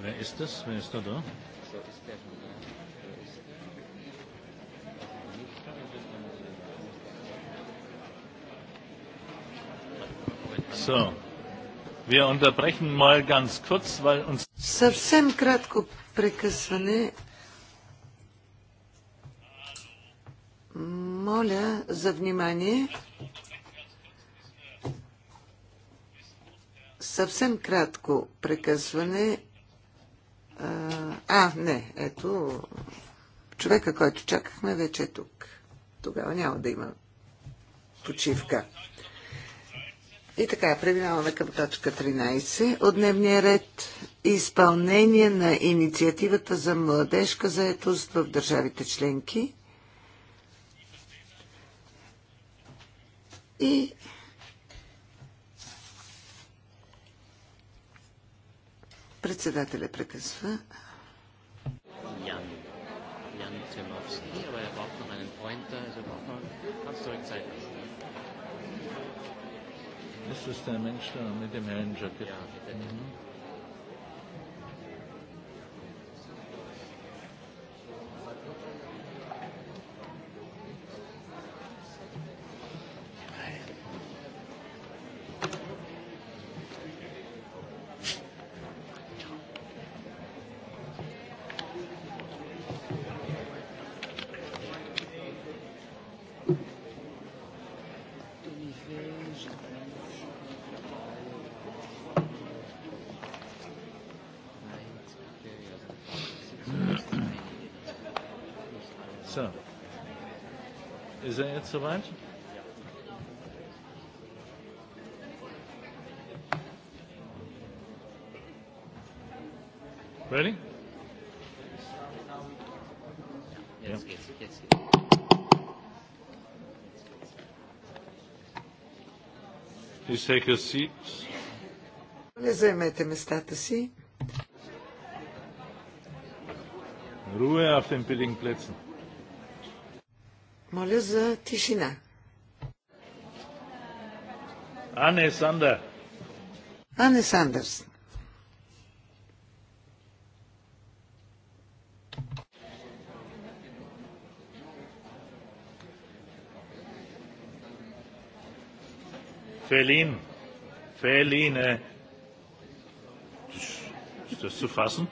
Wer ist das? Wer ist da da? So. Wir unterbrechen mal ganz kurz, weil uns... Съвсем кратко прекъсване. Моля за внимание. Съвсем кратко прекъсване а, не, ето, човека, който чакахме, вече е тук. Тогава няма да има почивка. И така, преминаваме към точка 13 от дневния ред. Изпълнение на инициативата за младежка заетост в държавите членки. И председателя прекъсва. Tim auf Sie, aber er braucht noch einen Pointer, also braucht noch ganz zurück Zeit. Das ist der Mensch da mit dem hellen jacket Ja, mit der mhm. so much. Ready? Yes, yes, Please take your seats. Не местата си. Ruhe auf den billigen Plätzen. Моля за тишина. Ане Сандър. Ане Сандърс. Fälin. Fälline. Ist das zu fassen?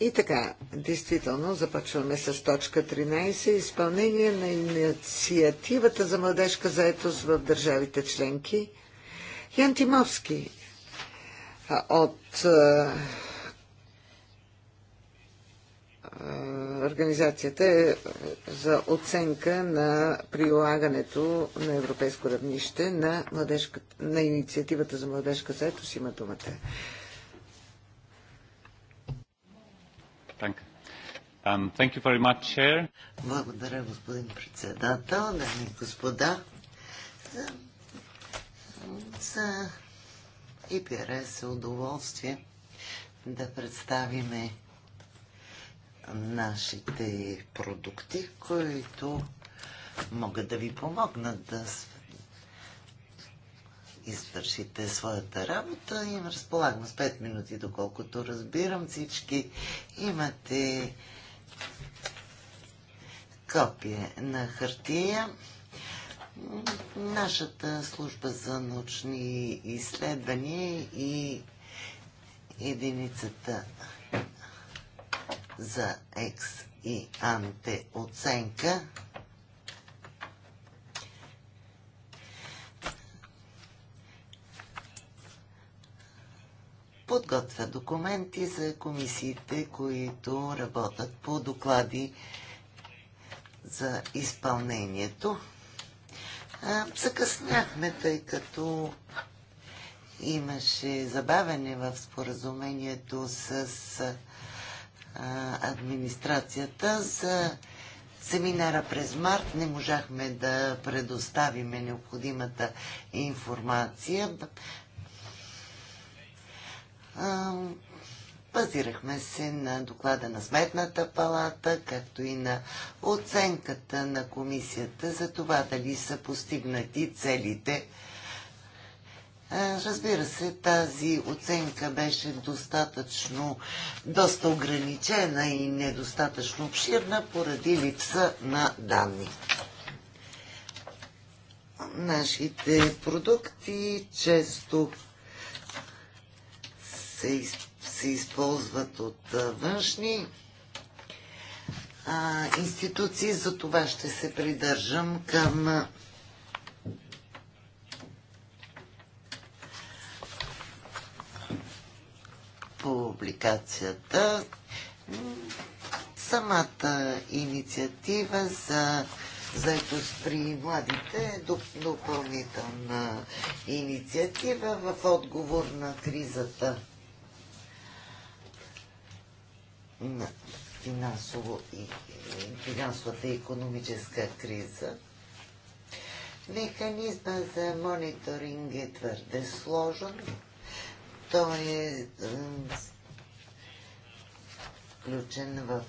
И, така, действително, започваме с точка 13. Изпълнение на инициативата за младежка заетост в държавите членки. Ян Тимовски от организацията е, за оценка на прилагането на европейско равнище на, на инициативата за младежка заетост има думата. Um, Благодаря, господин председател, дами и господа. За, ИПРС е удоволствие да представиме нашите продукти, които могат да ви помогнат да извършите своята работа. Им разполагам с 5 минути, доколкото разбирам всички. Имате копие на хартия. Нашата служба за научни изследвания и единицата за екс и антеоценка подготвя документи за комисиите, които работят по доклади за изпълнението. Закъсняхме, тъй като имаше забавене в споразумението с администрацията за семинара през март не можахме да предоставиме необходимата информация. Базирахме се на доклада на Сметната палата, както и на оценката на комисията за това дали са постигнати целите. Разбира се, тази оценка беше достатъчно, доста ограничена и недостатъчно обширна поради липса на данни. Нашите продукти често се, се използват от външни а, институции. За това ще се придържам към публикацията. Самата инициатива за заетост при младите е допълнителна инициатива в отговор на кризата на финансово и, финансовата и економическа криза. Механизма за мониторинг е твърде сложен. Той е, е включен в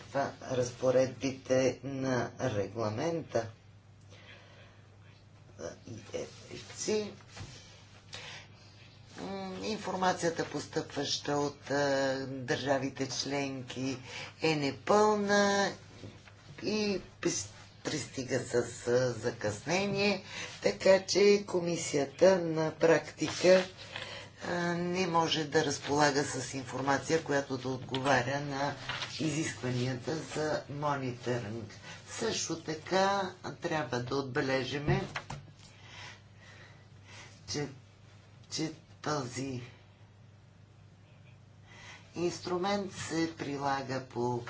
разпоредбите на регламента. Си е, информацията постъпваща от държавите членки е непълна и пристига с закъснение, така че комисията на практика не може да разполага с информация, която да отговаря на изискванията за мониторинг. Също така трябва да отбележиме, че, че този инструмент се прилага по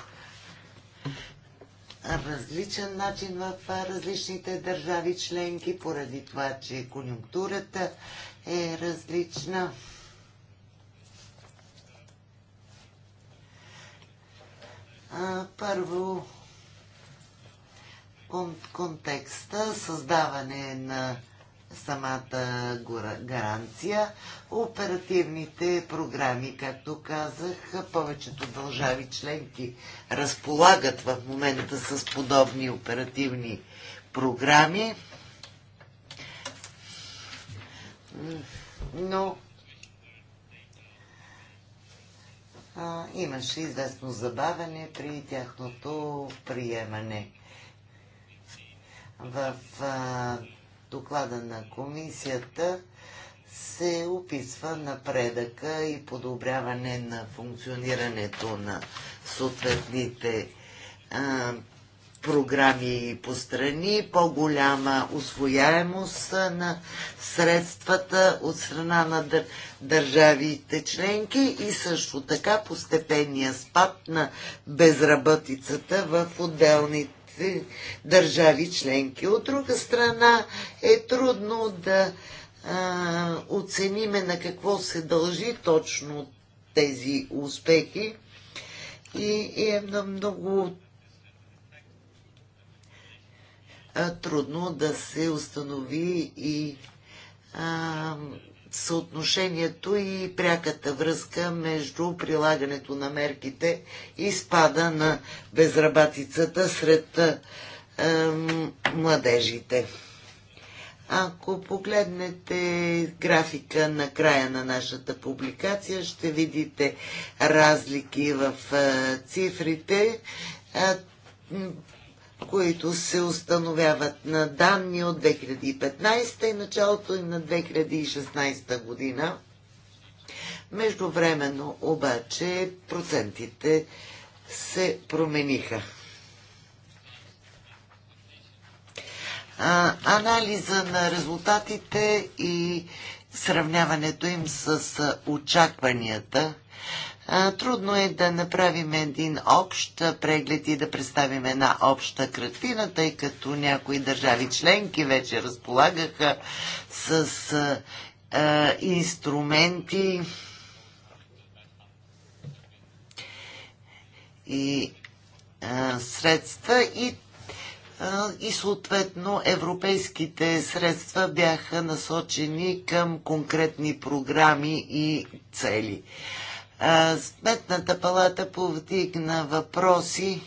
различен начин в различните държави членки, поради това, че конюнктурата е различна. Първо, контекста, създаване на самата гаранция. Оперативните програми, както казах, повечето държави членки разполагат в момента с подобни оперативни програми. Но а, имаше известно забавене при тяхното приемане. В а, доклада на комисията се описва напредъка и подобряване на функционирането на съответните а, програми по страни, по-голяма освояемост на средствата от страна на дър държавите членки и също така постепенния спад на безработицата в отделните държави членки. От друга страна е трудно да а, оцениме на какво се дължи точно тези успехи и, и е много трудно да се установи и а, съотношението и пряката връзка между прилагането на мерките и спада на безработицата сред е, младежите. Ако погледнете графика на края на нашата публикация, ще видите разлики в е, цифрите. Е, които се установяват на данни от 2015 и началото и на 2016 година. Междувременно обаче процентите се промениха. А, анализа на резултатите и сравняването им с очакванията Трудно е да направим един общ преглед и да представим една обща картина, тъй като някои държави членки вече разполагаха с а, инструменти и а, средства и и съответно европейските средства бяха насочени към конкретни програми и цели. Сметната палата повдигна въпроси,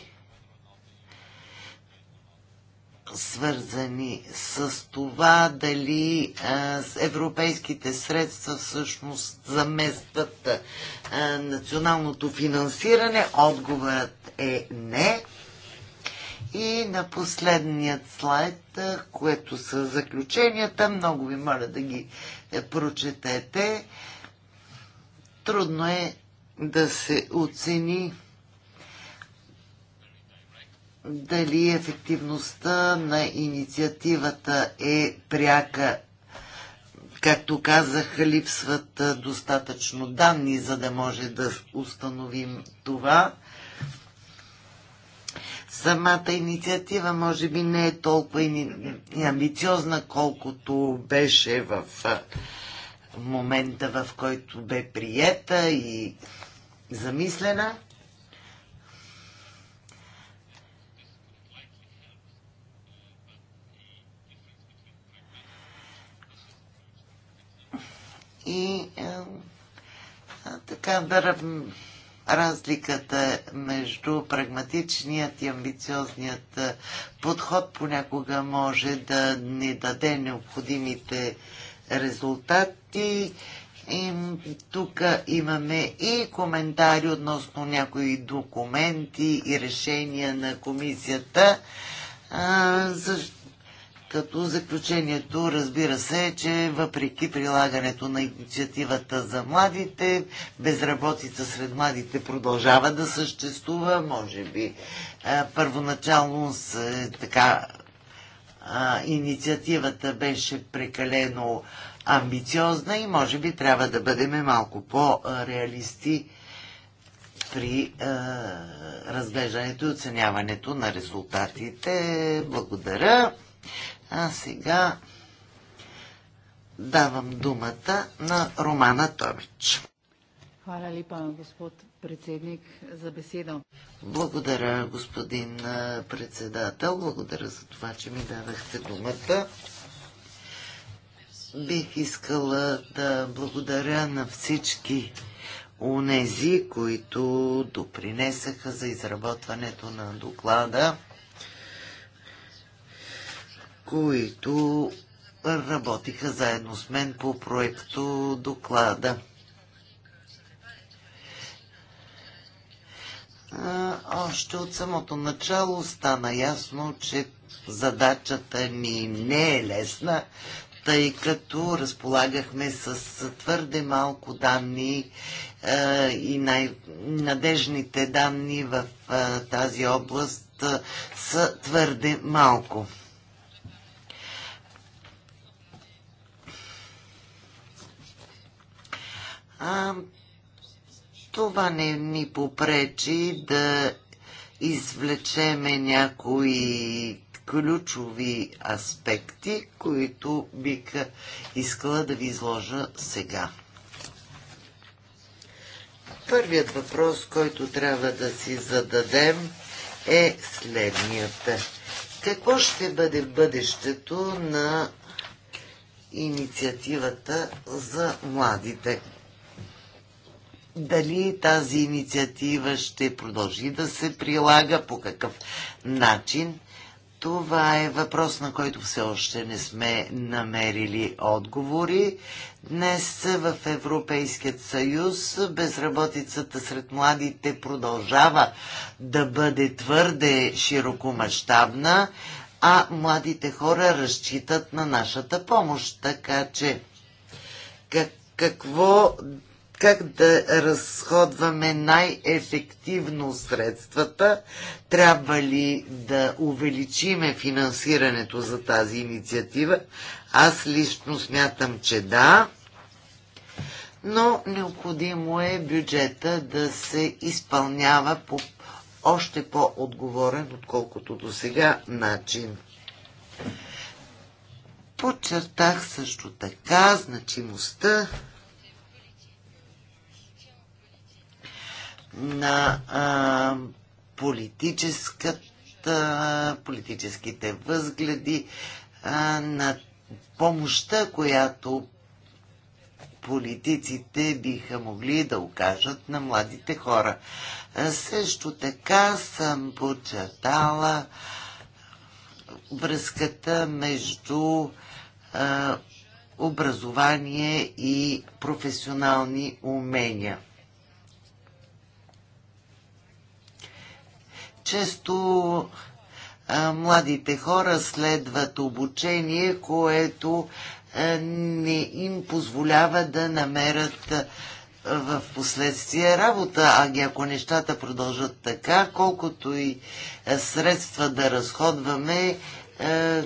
свързани с това дали а, европейските средства всъщност заместват а, националното финансиране. Отговорът е не. И на последният слайд, което са заключенията, много ви моля да ги е, прочетете. Трудно е да се оцени дали ефективността на инициативата е пряка. Както казах, липсват достатъчно данни, за да може да установим това. Самата инициатива може би не е толкова и амбициозна, колкото беше в момента, в който бе приета и замислена. И е, а, така да разликата между прагматичният и амбициозният е, подход понякога може да не даде необходимите резултати. И тук имаме и коментари относно някои документи и решения на комисията. А, за, като заключението, разбира се, че въпреки прилагането на инициативата за младите, безработица сред младите продължава да съществува. Може би а, първоначално с, така а, инициативата беше прекалено амбициозна и може би трябва да бъдем малко по-реалисти при а, е, разглеждането и оценяването на резултатите. Благодаря. А сега давам думата на Романа Томич. Hvala lepa, gospod Председник за беседа. Благодаря, господин председател. Благодаря за това, че ми дадахте думата. Бих искала да благодаря на всички унези, които допринесаха за изработването на доклада, които работиха заедно с мен по проекто доклада. още от самото начало стана ясно, че задачата ни не е лесна, тъй като разполагахме с твърде малко данни и най-надежните данни в тази област са твърде малко. А, това не ни попречи да извлечеме някои ключови аспекти, които бих искала да ви изложа сега. Първият въпрос, който трябва да си зададем е следният. Какво ще бъде бъдещето на инициативата за младите? дали тази инициатива ще продължи да се прилага, по какъв начин. Това е въпрос, на който все още не сме намерили отговори. Днес в Европейският съюз безработицата сред младите продължава да бъде твърде широкомащабна, а младите хора разчитат на нашата помощ. Така че как, какво как да разходваме най-ефективно средствата, трябва ли да увеличиме финансирането за тази инициатива. Аз лично смятам, че да, но необходимо е бюджета да се изпълнява по още по-отговорен, отколкото до сега начин. Подчертах също така значимостта на а, политическата, политическите възгледи, а, на помощта, която политиците биха могли да окажат на младите хора. А също така съм подчертала връзката между образование и професионални умения – често а, младите хора следват обучение, което а, не им позволява да намерят в последствие работа, а ако нещата продължат така, колкото и средства да разходваме, е,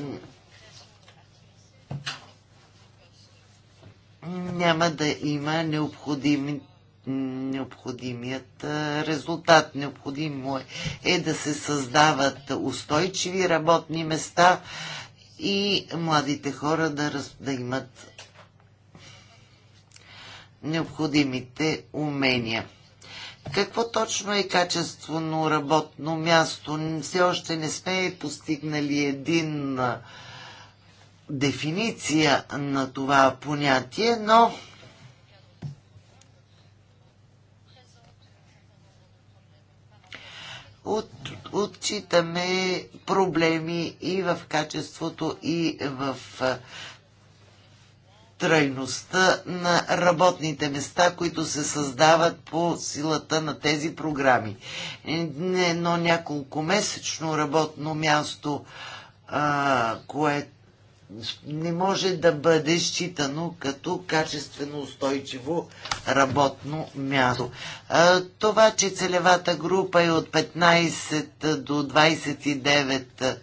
няма да има необходимите необходимият резултат. Необходимо е, е да се създават устойчиви работни места и младите хора да, раз, да имат необходимите умения. Какво точно е качествено работно място? Все още не сме постигнали един дефиниция на това понятие, но от, отчитаме проблеми и в качеството, и в трайността на работните места, които се създават по силата на тези програми. Едно няколко месечно работно място, а, което не може да бъде считано като качествено устойчиво работно място. Това, че целевата група е от 15 до 29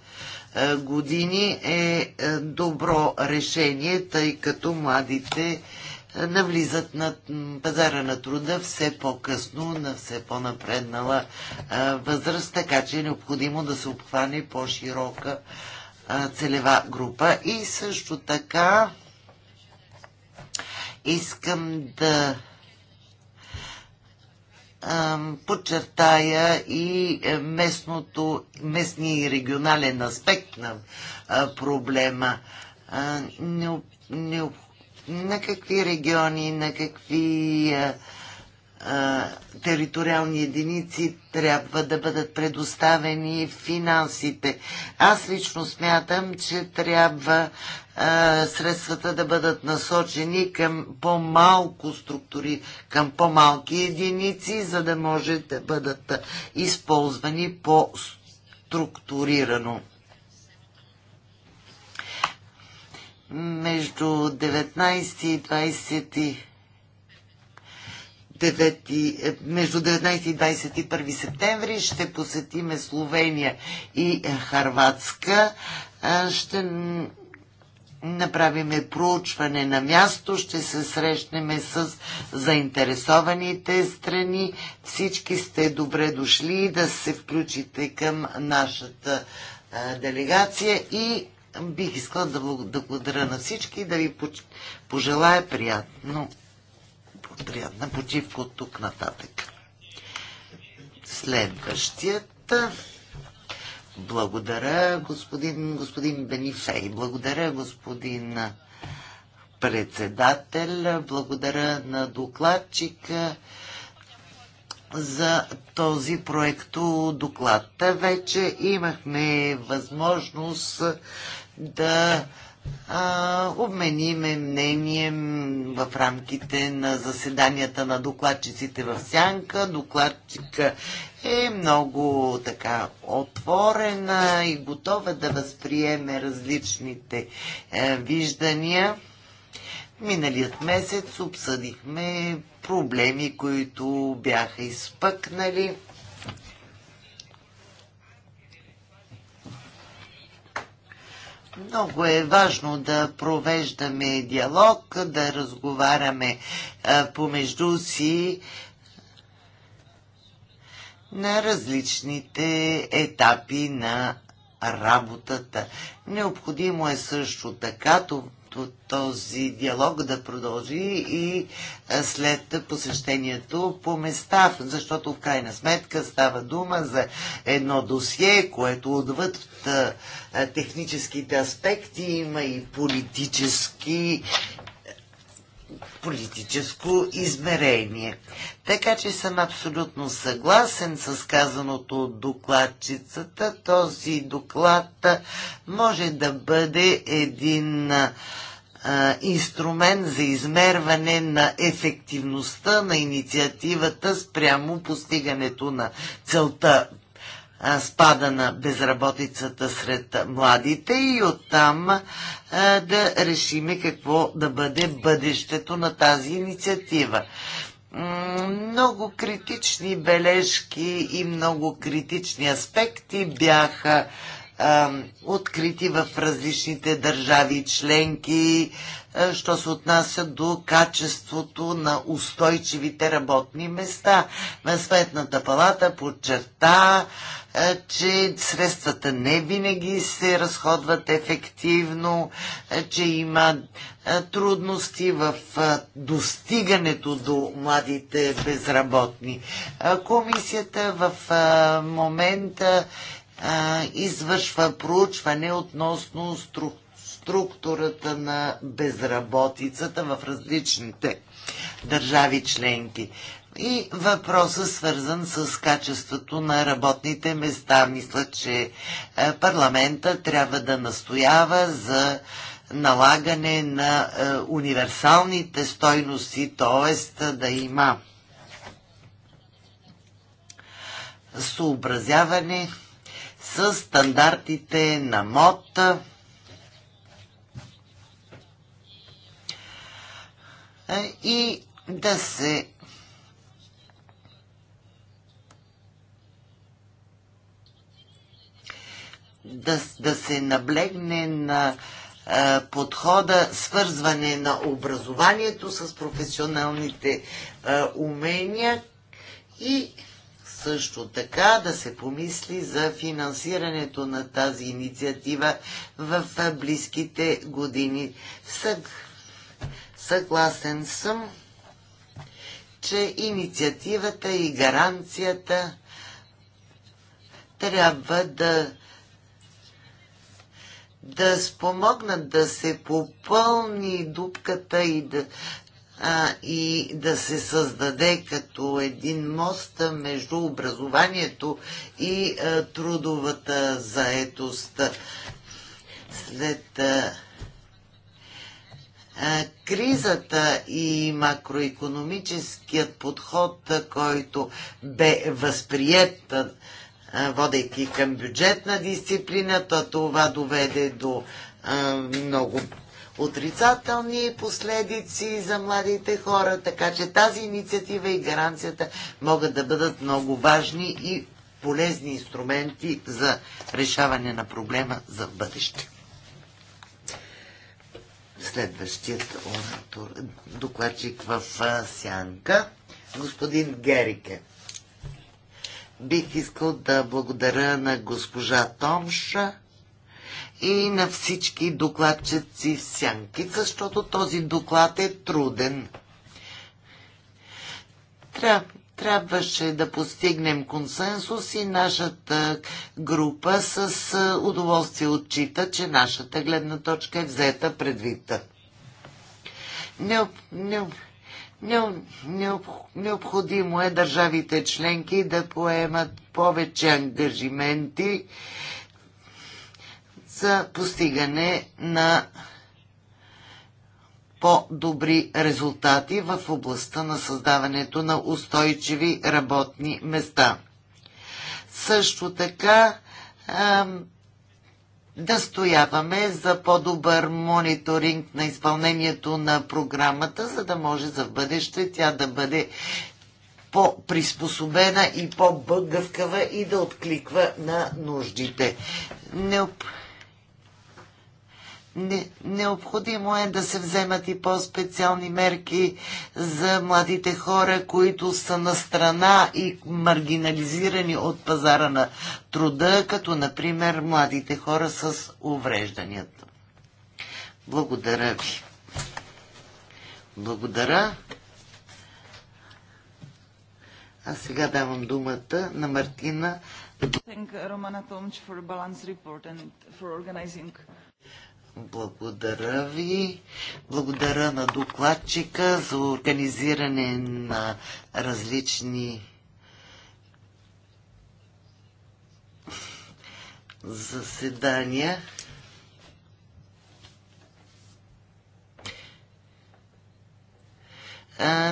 години е, е добро решение, тъй като младите навлизат на пазара на труда все по-късно, на все по-напреднала възраст, така че е необходимо да се обхване по-широка целева група. И също така искам да подчертая и е, местното, местния и регионален аспект на проблема. Не, не, на какви региони, на какви е, териториални единици трябва да бъдат предоставени финансите. Аз лично смятам, че трябва средствата да бъдат насочени към по-малко структури, към по-малки единици, за да може да бъдат използвани по-структурирано. Между 19 и 20 9, е, между 19 и 21 септември ще посетиме Словения и е, Харватска. Е, ще направиме проучване на място, ще се срещнем с заинтересованите страни. Всички сте добре дошли да се включите към нашата делегация и бих искала да благодаря на всички и да ви пожелая приятно приятна почивка от тук нататък. Следващият. Благодаря, господин, господин Бенифей. Благодаря, господин председател. Благодаря на докладчика за този проекто доклад. Вече имахме възможност да а, обмениме мнение в рамките на заседанията на докладчиците в Сянка. Докладчика е много така отворена и готова да възприеме различните е, виждания. Миналият месец обсъдихме проблеми, които бяха изпъкнали Много е важно да провеждаме диалог, да разговаряме е, помежду си на различните етапи на работата. Необходимо е също така защото този диалог да продължи и след посещението по места, защото в крайна сметка става дума за едно досие, което отвъд техническите аспекти има и политически политическо измерение. Така че съм абсолютно съгласен с казаното от докладчицата. Този доклад може да бъде един а, инструмент за измерване на ефективността на инициативата спрямо постигането на целта спада на безработицата сред младите и оттам да решиме какво да бъде бъдещето на тази инициатива. Много критични бележки и много критични аспекти бяха открити в различните държави членки, що се отнася до качеството на устойчивите работни места. На Сметната палата подчерта, че средствата не винаги се разходват ефективно, че има трудности в достигането до младите безработни. Комисията в момента а, извършва проучване относно структурата на безработицата в различните държави членки. И въпросът свързан с качеството на работните места. Мисля, че парламента трябва да настоява за налагане на универсалните стойности, т.е. да има съобразяване с стандартите на МОД. Е, и да се да, да се наблегне на а, е, подхода свързване на образованието с професионалните а, е, умения и също така да се помисли за финансирането на тази инициатива в близките години. Съг... Съгласен съм, че инициативата и гаранцията трябва да да спомогнат да се попълни дупката и да, а, и да се създаде като един мост между образованието и а, трудовата заетост. След а, кризата и макроекономическият подход, който бе възприят, водейки към бюджетна дисциплина, то това доведе до много отрицателни последици за младите хора, така че тази инициатива и гаранцията могат да бъдат много важни и полезни инструменти за решаване на проблема за бъдеще. Следващият оратор, докладчик в сянка, господин Герике. Бих искал да благодаря на госпожа Томша и на всички докладчици в сянки, защото този доклад е труден. Тряб, трябваше да постигнем консенсус и нашата група с удоволствие отчита, че нашата гледна точка е взета предвид. Необ, необ, необ, необ, необходимо е държавите членки да поемат повече ангажименти за постигане на по-добри резултати в областта на създаването на устойчиви работни места. Също така настояваме да за по-добър мониторинг на изпълнението на програмата, за да може за бъдеще тя да бъде по-приспособена и по-бъгъвкава и да откликва на нуждите. Необходимо не, необходимо е да се вземат и по-специални мерки за младите хора, които са на страна и маргинализирани от пазара на труда, като например младите хора с уврежданията. Благодаря ви. Благодаря. А сега давам думата на Мартина. Thank Romana Tomč for report and for organizing благодаря ви. Благодаря на докладчика за организиране на различни заседания.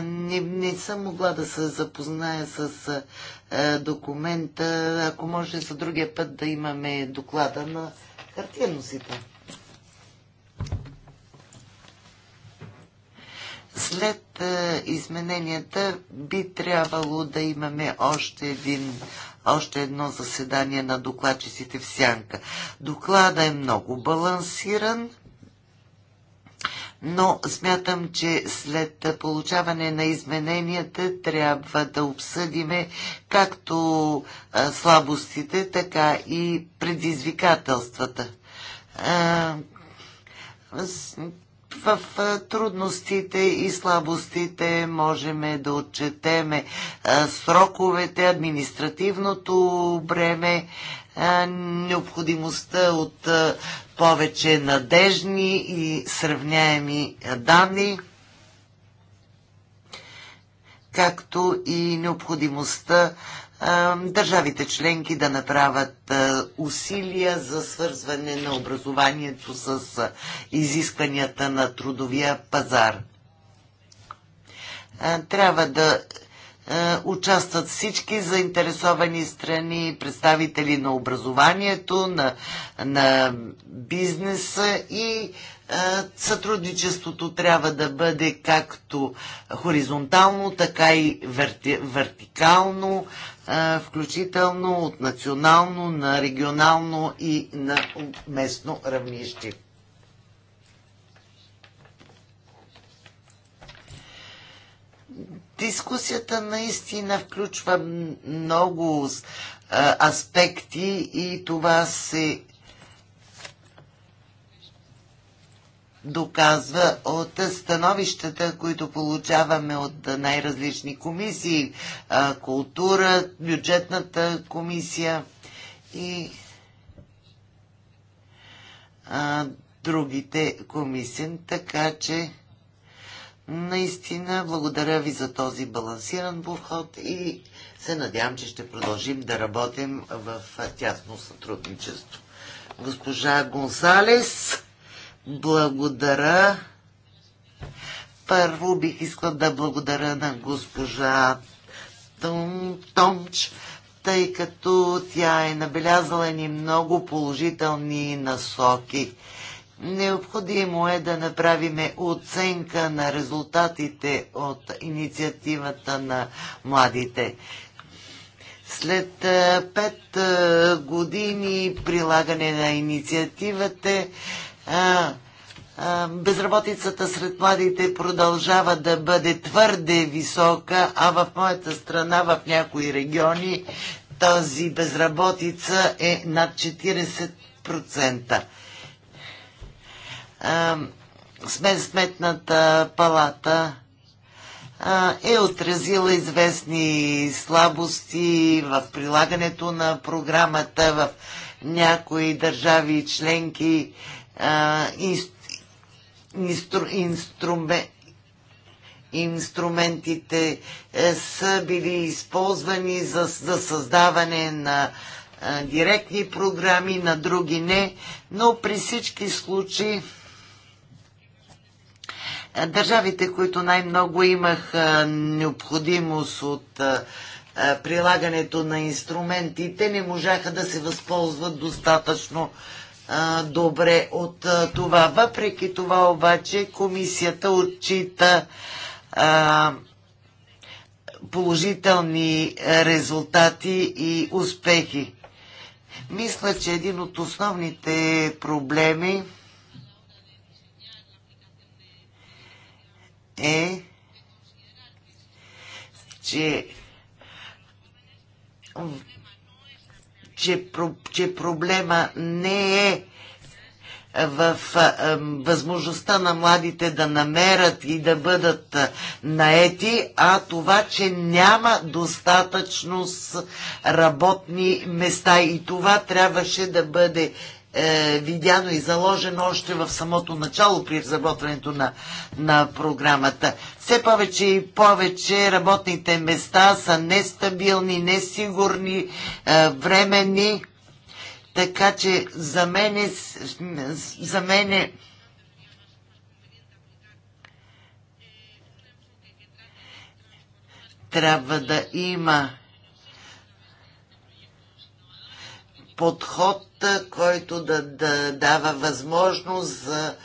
не, не съм могла да се запозная с а, документа. Ако може за другия път да имаме доклада на хартия носител. След е, измененията би трябвало да имаме още един още едно заседание на докладчиците в Сянка. Доклада е много балансиран, но смятам, че след получаване на измененията трябва да обсъдиме както е, слабостите, така и предизвикателствата е, в трудностите и слабостите можем да отчетеме сроковете, административното бреме, необходимостта от повече надежни и сравняеми данни, както и необходимостта държавите членки да направят усилия за свързване на образованието с изискванията на трудовия пазар. Трябва да участват всички заинтересовани страни, представители на образованието, на, на бизнеса и сътрудничеството трябва да бъде както хоризонтално, така и верти, вертикално, включително от национално, на регионално и на местно равнище. Дискусията наистина включва много аспекти и това се доказва от становищата, които получаваме от най-различни комисии, култура, бюджетната комисия и другите комисии. Така че наистина благодаря ви за този балансиран подход и се надявам, че ще продължим да работим в тясно сътрудничество. Госпожа Гонсалес благодаря. Първо бих искал да благодаря на госпожа Том, Томч, тъй като тя е набелязала ни много положителни насоки. Необходимо е да направиме оценка на резултатите от инициативата на младите. След пет години прилагане на инициативата безработицата сред младите продължава да бъде твърде висока, а в моята страна, в някои региони, тази безработица е над 40%. А, сме сметната палата е отразила известни слабости в прилагането на програмата в някои държави членки инстру, инструме, инструментите е, са били използвани за, за създаване на а, директни програми, на други не, но при всички случаи държавите, които най-много имах необходимост от прилагането на инструментите, не можаха да се възползват достатъчно добре от това. Въпреки това обаче комисията отчита положителни резултати и успехи. Мисля, че един от основните проблеми е, че че, че проблема не е в а, възможността на младите да намерят и да бъдат а, наети, а това, че няма достатъчно с работни места и това трябваше да бъде е, видяно и заложено още в самото начало при разработването на, на програмата. Все повече и повече работните места са нестабилни, несигурни, е, времени. Така че за мен за мен е трябва да има подход, който да, да дава възможност за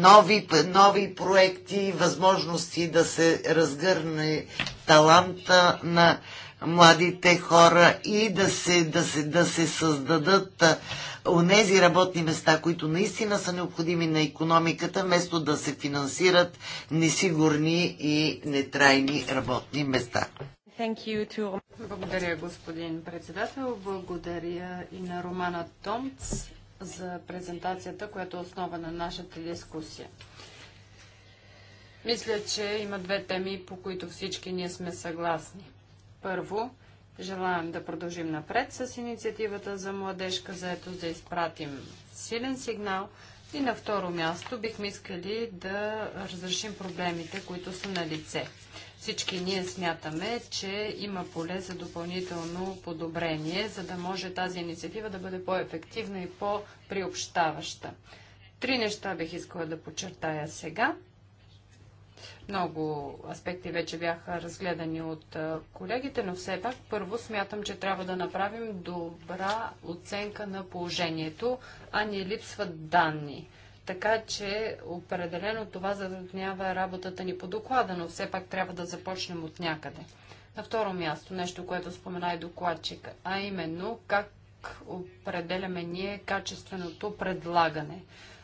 нови, нови проекти, възможности да се разгърне таланта на младите хора и да се, да се, да се създадат онези работни места, които наистина са необходими на економиката, вместо да се финансират несигурни и нетрайни работни места. Благодаря, господин председател. Благодаря и на Романа Томц за презентацията, която е основа на нашата дискусия. Мисля, че има две теми, по които всички ние сме съгласни. Първо, желаем да продължим напред с инициативата за младежка заетост, да изпратим силен сигнал и на второ място бихме искали да разрешим проблемите, които са на лице. Всички ние смятаме, че има поле за допълнително подобрение, за да може тази инициатива да бъде по-ефективна и по-приобщаваща. Три неща бих искала да подчертая сега. Много аспекти вече бяха разгледани от колегите, но все пак първо смятам, че трябва да направим добра оценка на положението, а ни липсват данни. Така че определено това затруднява работата ни по доклада, но все пак трябва да започнем от някъде. На второ място, нещо, което спомена и докладчик, а именно как определяме ние качественото предлагане.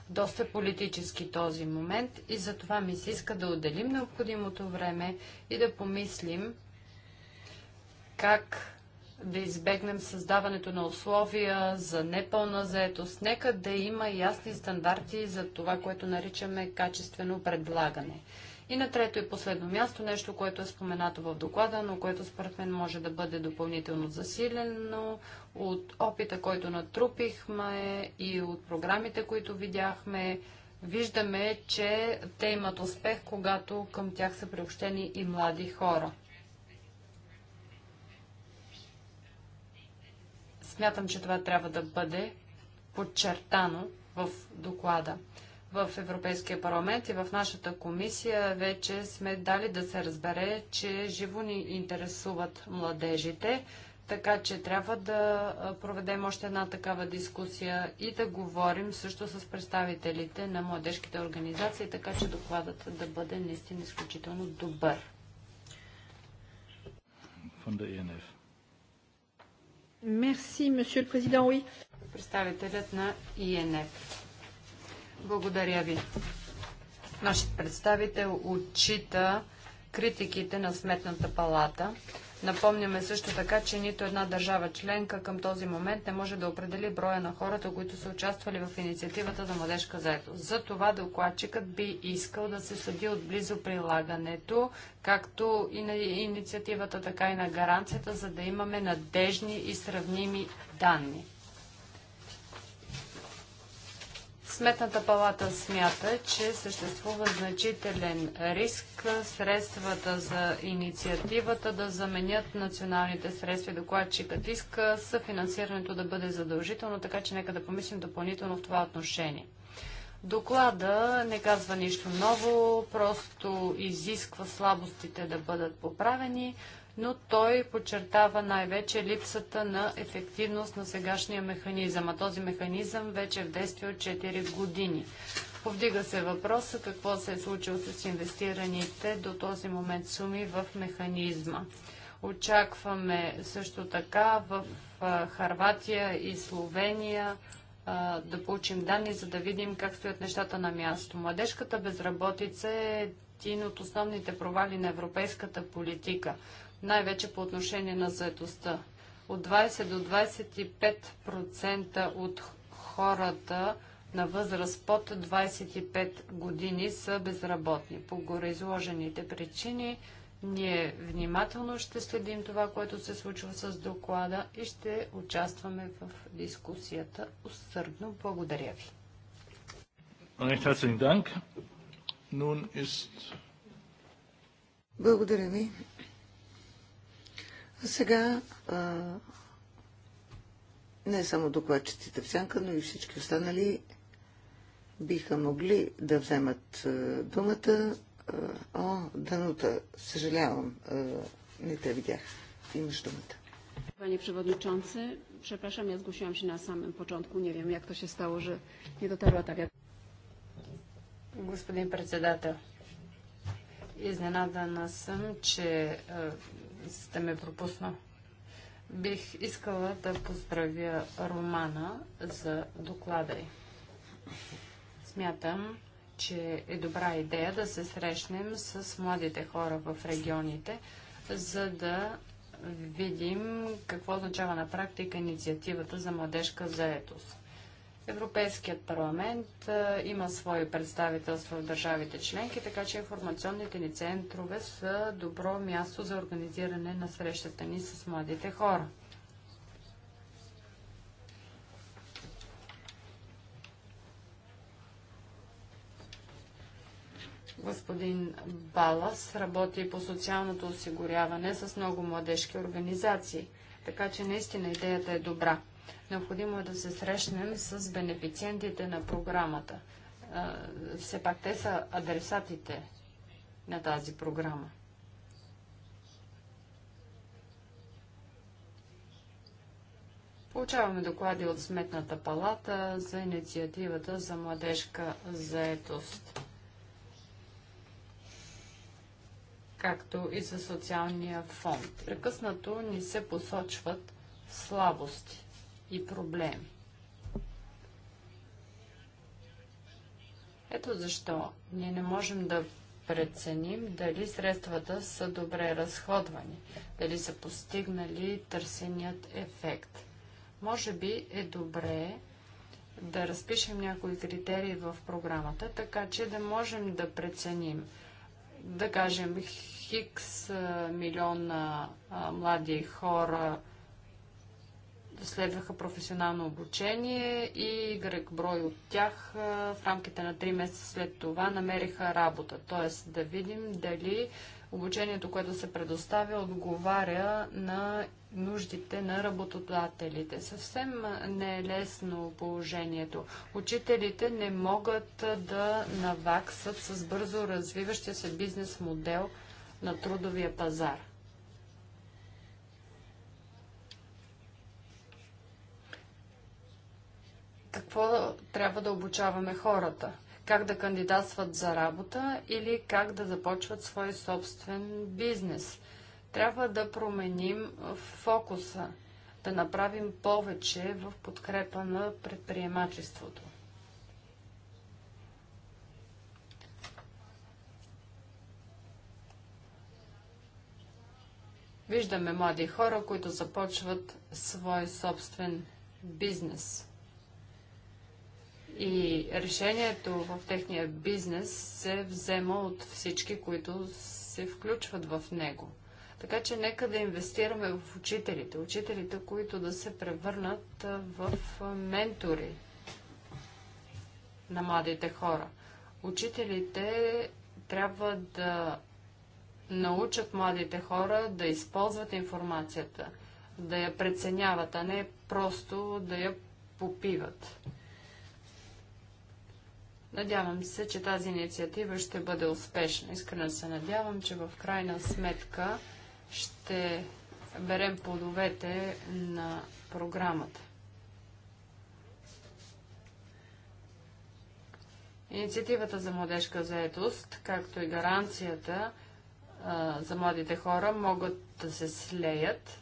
Доста е политически този момент и за това ми се иска да отделим необходимото време и да помислим как да избегнем създаването на условия за непълна заетост. Нека да има ясни стандарти за това, което наричаме качествено предлагане. И на трето и последно място, нещо, което е споменато в доклада, но което според мен може да бъде допълнително засилено от опита, който натрупихме и от програмите, които видяхме. Виждаме, че те имат успех, когато към тях са приобщени и млади хора. Смятам, че това трябва да бъде подчертано в доклада. В Европейския парламент и в нашата комисия вече сме дали да се разбере, че живо ни интересуват младежите, така че трябва да проведем още една такава дискусия и да говорим също с представителите на младежките организации, така че докладът да бъде наистина изключително добър. Von der ENF. Мерси, месье президент, уи. Представителят на ИНФ. Благодаря ви. Нашият представител отчита критиките на Сметната палата Напомняме също така, че нито една държава членка към този момент не може да определи броя на хората, които са участвали в инициативата за младежка заетост. За това докладчикът би искал да се съди отблизо прилагането, както и на инициативата, така и на гаранцията, за да имаме надежни и сравними данни. Сметната палата смята, че съществува значителен риск средствата за инициативата да заменят националните средства и докладчикът иска съфинансирането да бъде задължително, така че нека да помислим допълнително в това отношение. Доклада не казва нищо ново, просто изисква слабостите да бъдат поправени но той подчертава най-вече липсата на ефективност на сегашния механизъм, а този механизъм вече е в действие от 4 години. Повдига се въпроса какво се е случило с инвестираните до този момент суми в механизма. Очакваме също така в Харватия и Словения да получим данни, за да видим как стоят нещата на място. Младежката безработица е един от основните провали на европейската политика най-вече по отношение на заедостта. От 20 до 25% от хората на възраст под 25 години са безработни. По гореизложените причини ние внимателно ще следим това, което се случва с доклада и ще участваме в дискусията усърдно. Благодаря ви. Благодаря ви. Сега а, не само докладчиците в сянка, но и всички останали биха могли да вземат а, думата. А, о, Данута, съжалявам, а, не те видях. Имаш думата. Panie Przewodniczący, przepraszam, ja zgłosiłam się na samym początku. Nie wiem, jak to się stało, że nie dotarła ta wiadomość. Господин председател, изненадана съм, че сте ме пропуснал. Бих искала да поздравя Романа за доклада й. Смятам, че е добра идея да се срещнем с младите хора в регионите, за да видим какво означава на практика инициативата за младежка заетост. Европейският парламент има свои представителства в държавите членки, така че информационните ни центрове са добро място за организиране на срещата ни с младите хора. господин Балас работи по социалното осигуряване с много младежки организации, така че наистина идеята е добра. Необходимо е да се срещнем с бенефициентите на програмата. все пак те са адресатите на тази програма. Получаваме доклади от Сметната палата за инициативата за младежка заетост, както и за социалния фонд. Прекъснато ни се посочват слабости и проблеми. Ето защо ние не можем да преценим дали средствата са добре разходвани, дали са постигнали търсеният ефект. Може би е добре да разпишем някои критерии в програмата, така че да можем да преценим, да кажем, хикс милиона млади хора следваха професионално обучение и грек брой от тях в рамките на 3 месеца след това намериха работа. Тоест да видим дали обучението, което се предоставя, отговаря на нуждите на работодателите. Съвсем не е лесно положението. Учителите не могат да наваксат с бързо развиващия се бизнес модел на трудовия пазар. какво трябва да обучаваме хората? Как да кандидатстват за работа или как да започват свой собствен бизнес? Трябва да променим фокуса, да направим повече в подкрепа на предприемачеството. Виждаме млади хора, които започват свой собствен бизнес – и решението в техния бизнес се взема от всички, които се включват в него. Така че нека да инвестираме в учителите. Учителите, които да се превърнат в ментори на младите хора. Учителите трябва да научат младите хора да използват информацията, да я преценяват, а не просто да я попиват. Надявам се, че тази инициатива ще бъде успешна. Искрено се надявам, че в крайна сметка ще берем плодовете на програмата. Инициативата за младежка заетост, както и гаранцията за младите хора, могат да се слеят.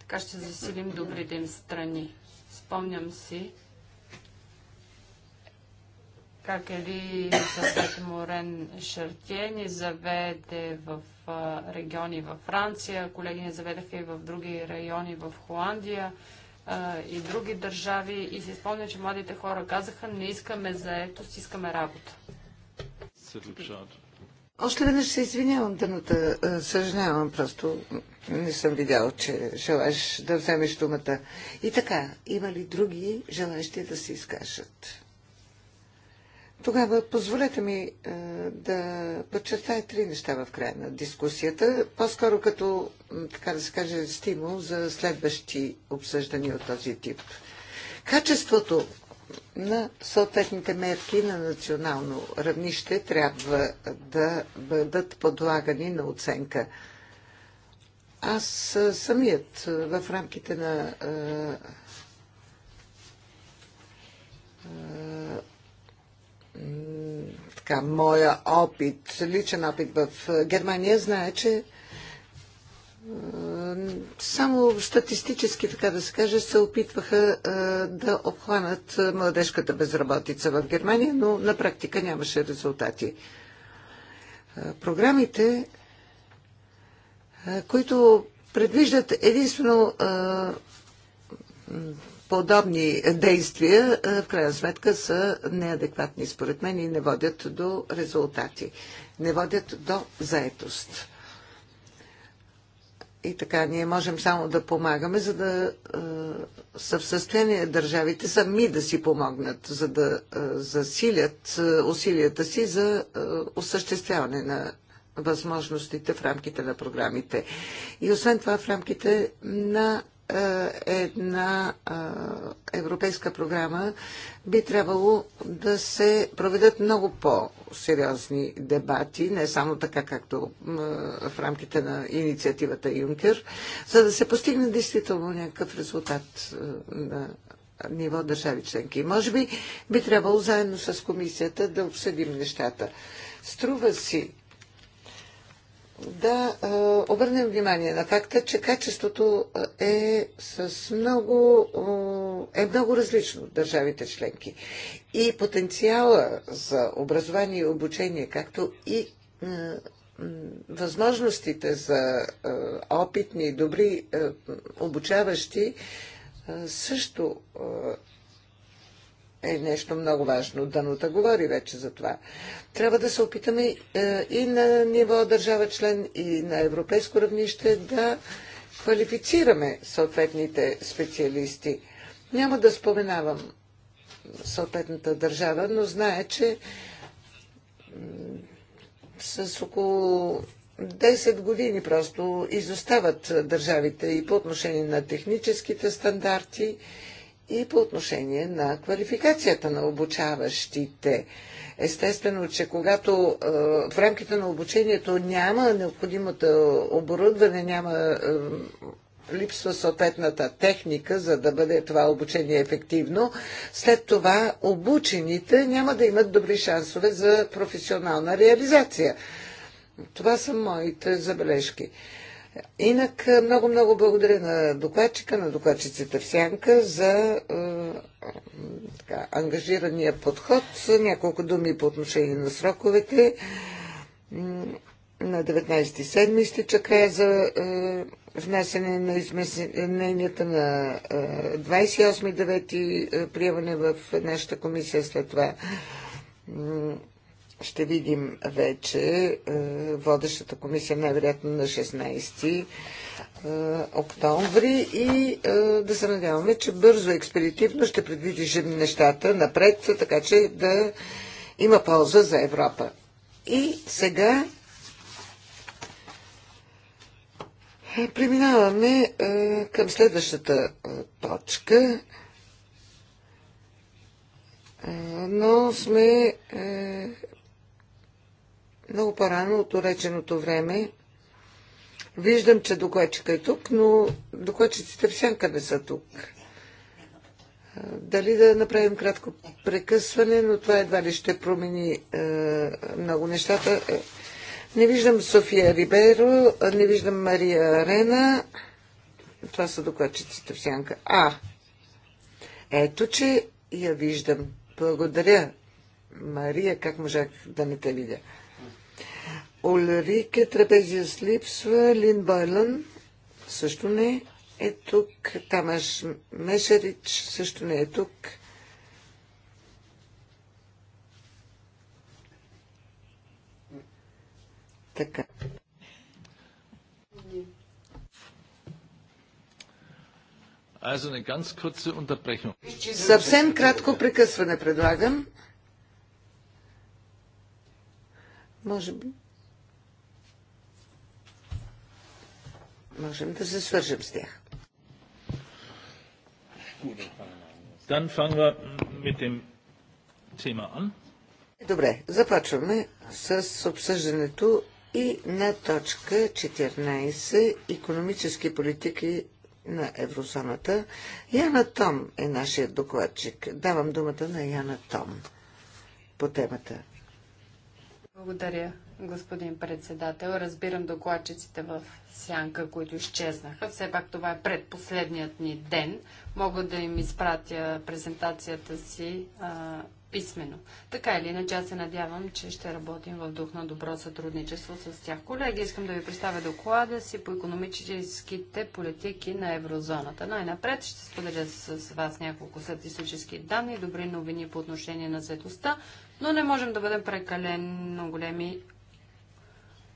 Така ще засилим добрите им страни. Спомням си, как Ели Съвет Морен Шартие ни заведе в региони във Франция, колеги ни заведаха и в други райони в Холандия и други държави и се спомня, че младите хора казаха не искаме заетост, искаме работа. Още веднъж се извинявам, Данута. Съжалявам, просто не съм видял, че желаеш да вземеш думата. И така, има ли други желаещи да се изкажат? Тогава позволете ми е, да подчертая три неща в края на дискусията, по-скоро като, така да се каже, стимул за следващи обсъждания от този тип. Качеството на съответните мерки на национално равнище трябва да бъдат подлагани на оценка. Аз е, самият е, в рамките на е, е така, моя опит, личен опит в Германия, знае, че е, само статистически, така да се каже, се опитваха е, да обхванат младежката безработица в Германия, но на практика нямаше резултати. Е, програмите, които предвиждат единствено подобни действия е, в крайна сметка са неадекватни според мен и не водят до резултати, не водят до заетост. И така, ние можем само да помагаме, за да е, са в състояние държавите сами да си помогнат, за да е, засилят е, усилията си за е, осъществяване на възможностите в рамките на програмите. И освен това, в рамките на е, една европейска програма би трябвало да се проведат много по-сериозни дебати, не само така както в рамките на инициативата Юнкер, за да се постигне действително някакъв резултат е, на ниво държави членки. Може би би трябвало заедно с комисията да обсъдим нещата. Струва си да а, обърнем внимание на факта, че качеството е с много, е много различно от държавите членки. И потенциала за образование и обучение, както и а, възможностите за а, опитни и добри а, обучаващи, а, също е нещо много важно. Данута говори вече за това. Трябва да се опитаме е, и на ниво държава член, и на европейско равнище да квалифицираме съответните специалисти. Няма да споменавам съответната държава, но знае, че с около 10 години просто изостават държавите и по отношение на техническите стандарти, и по отношение на квалификацията на обучаващите. Естествено, че когато е, в рамките на обучението няма необходимото оборудване, няма е, липсва съответната техника, за да бъде това обучение ефективно, след това обучените няма да имат добри шансове за професионална реализация. Това са моите забележки. Инак е, много-много благодаря на докладчика, на докладчицата в Сянка за е, така, ангажирания подход. Няколко думи по отношение на сроковете. На 19.7 изтича края за е, внасяне на измененията на е, ти е, приемане в нашата комисия след това ще видим вече е, водещата комисия най-вероятно на 16 е, октомври и е, да се надяваме, че бързо, експедитивно ще предвидим нещата напред, така че да има полза за Европа. И сега преминаваме към следващата точка но сме много по-рано от уреченото време. Виждам, че докладчика е тук, но докладчиците в сянка не са тук. Дали да направим кратко прекъсване, но това едва ли ще промени е, много нещата. Е, не виждам София Риберо, не виждам Мария Арена. Това са докладчиците в сянка. А, ето, че я виждам. Благодаря. Мария, как можах да не те видя? Трапезия с липсва. Лин Бойлан също не е тук. Тамаш Мешерич също не е тук. Така. Also eine ganz kurze Unterbrechung. Съвсем кратко прекъсване предлагам. Може би. можем да се свържем с тях. Добре, започваме с обсъждането и на точка 14 економически политики на еврозоната. Яна Том е нашия докладчик. Давам думата на Яна Том по темата. Благодаря, господин председател. Разбирам докладчиците в сянка, които изчезнаха. Все пак това е предпоследният ни ден. Мога да им изпратя презентацията си а, писменно. Така или иначе, аз се надявам, че ще работим в дух на добро сътрудничество с тях. Колеги, искам да ви представя доклада си по економическите политики на еврозоната. Най-напред ще споделя с вас няколко статистически данни, добри новини по отношение на заедостта, но не можем да бъдем прекалено големи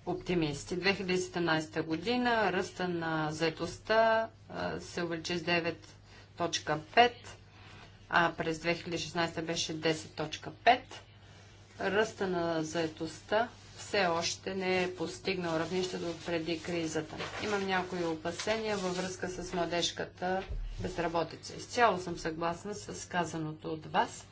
оптимисти. 2017 година ръста на заетостта се увеличи с 9.5, а през 2016 беше 10.5. Ръста на заетостта все още не е постигнал равнището преди кризата. Имам някои опасения във връзка с младежката безработица. Изцяло съм съгласна с казаното от вас –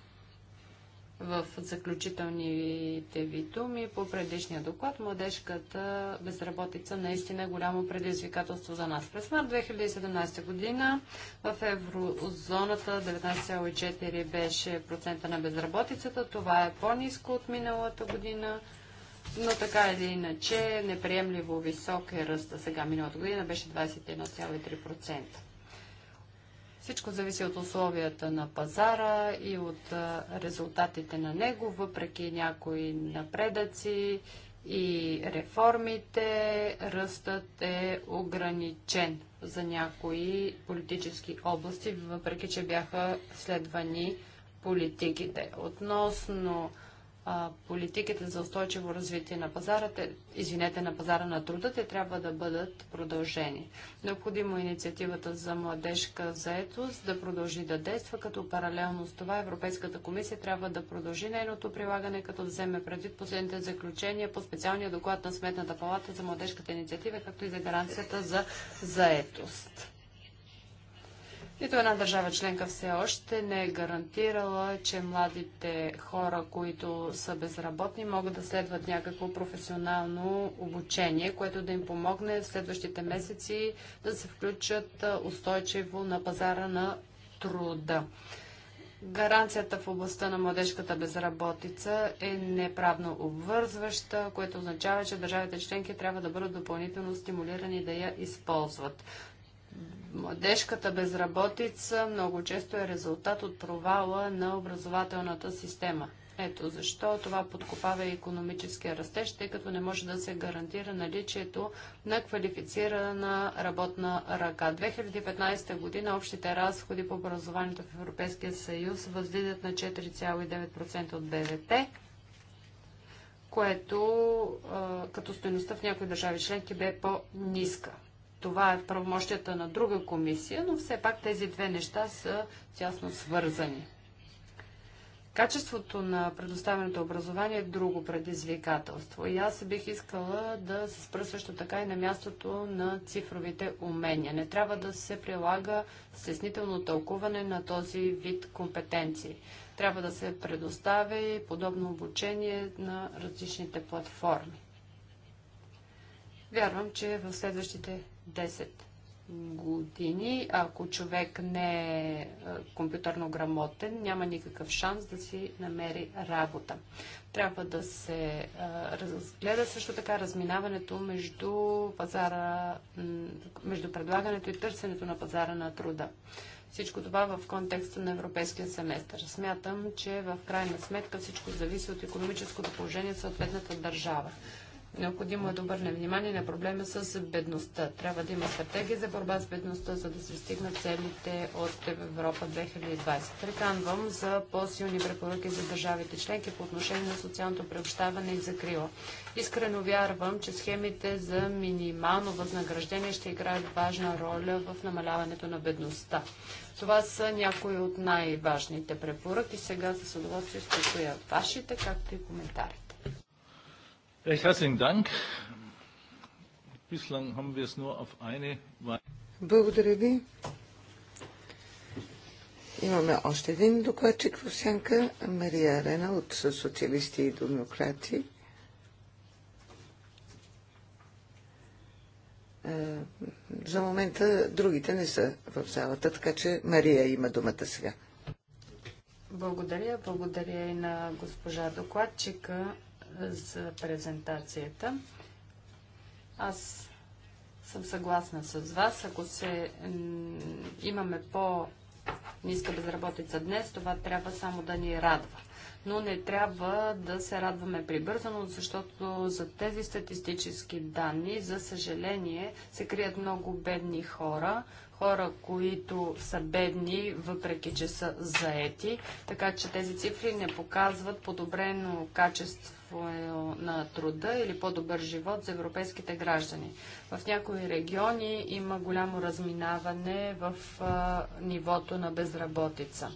в заключителните ви думи по предишния доклад, младежката безработица наистина е голямо предизвикателство за нас. През март 2017 година в еврозоната 19,4 беше процента на безработицата. Това е по-низко от миналата година, но така или иначе неприемливо висок е ръста сега миналата година, беше 21,3%. Всичко зависи от условията на пазара и от резултатите на него, въпреки някои напредъци и реформите, ръстът е ограничен за някои политически области, въпреки че бяха следвани политиките. Относно а, политиките за устойчиво развитие на пазара, те, извинете, на пазара на труда, те трябва да бъдат продължени. Необходимо е инициативата за младежка заетост да продължи да действа, като паралелно с това Европейската комисия трябва да продължи нейното прилагане, като вземе предвид последните заключения по специалния доклад на Сметната палата за младежката инициатива, както и за гаранцията за заетост. Нито една държава членка все още не е гарантирала, че младите хора, които са безработни, могат да следват някакво професионално обучение, което да им помогне в следващите месеци да се включат устойчиво на пазара на труда. Гаранцията в областта на младежката безработица е неправно обвързваща, което означава, че държавите членки трябва да бъдат допълнително стимулирани да я използват. Младежката безработица много често е резултат от провала на образователната система. Ето защо това подкопава и економическия растеж, тъй като не може да се гарантира наличието на квалифицирана работна ръка. 2015 година общите разходи по образованието в Европейския съюз възлизат на 4,9% от БВП, което като стоеността в някои държави членки бе по-ниска. Това е правомощията на друга комисия, но все пак тези две неща са тясно свързани. Качеството на предоставеното образование е друго предизвикателство. И аз бих искала да се спра също така и на мястото на цифровите умения. Не трябва да се прилага стеснително тълкуване на този вид компетенции. Трябва да се предостави подобно обучение на различните платформи. Вярвам, че в следващите 10 години, ако човек не е компютърно грамотен, няма никакъв шанс да си намери работа. Трябва да се разгледа също така разминаването между, пазара, между предлагането и търсенето на пазара на труда. Всичко това в контекста на европейския семестър. Смятам, че в крайна сметка всичко зависи от економическото положение в съответната държава. Необходимо е да обърнем внимание на проблема с бедността. Трябва да има стратегия за борба с бедността, за да се стигнат целите от Европа 2020. Приканвам за по-силни препоръки за държавите членки по отношение на социалното преобщаване и закрила. Искрено вярвам, че схемите за минимално възнаграждение ще играят важна роля в намаляването на бедността. Това са някои от най-важните препоръки. Сега с удоволствие ще вашите, както и коментарите. Recht herzlichen Dank. Bislang haben wir es nur auf eine Благодаря ви. Имаме още един докладчик в сянка, Мария Арена от Социалисти и Демократи. Е, за момента другите не са в залата, така че Мария има думата сега. Благодаря. Благодаря и на госпожа докладчика за презентацията. Аз съм съгласна с вас. Ако се имаме по ниска безработица днес, това трябва само да ни радва. Но не трябва да се радваме прибързано, защото за тези статистически данни, за съжаление, се крият много бедни хора, хора, които са бедни, въпреки че са заети. Така че тези цифри не показват подобрено качество качество на труда или по-добър живот за европейските граждани. В някои региони има голямо разминаване в нивото на безработица.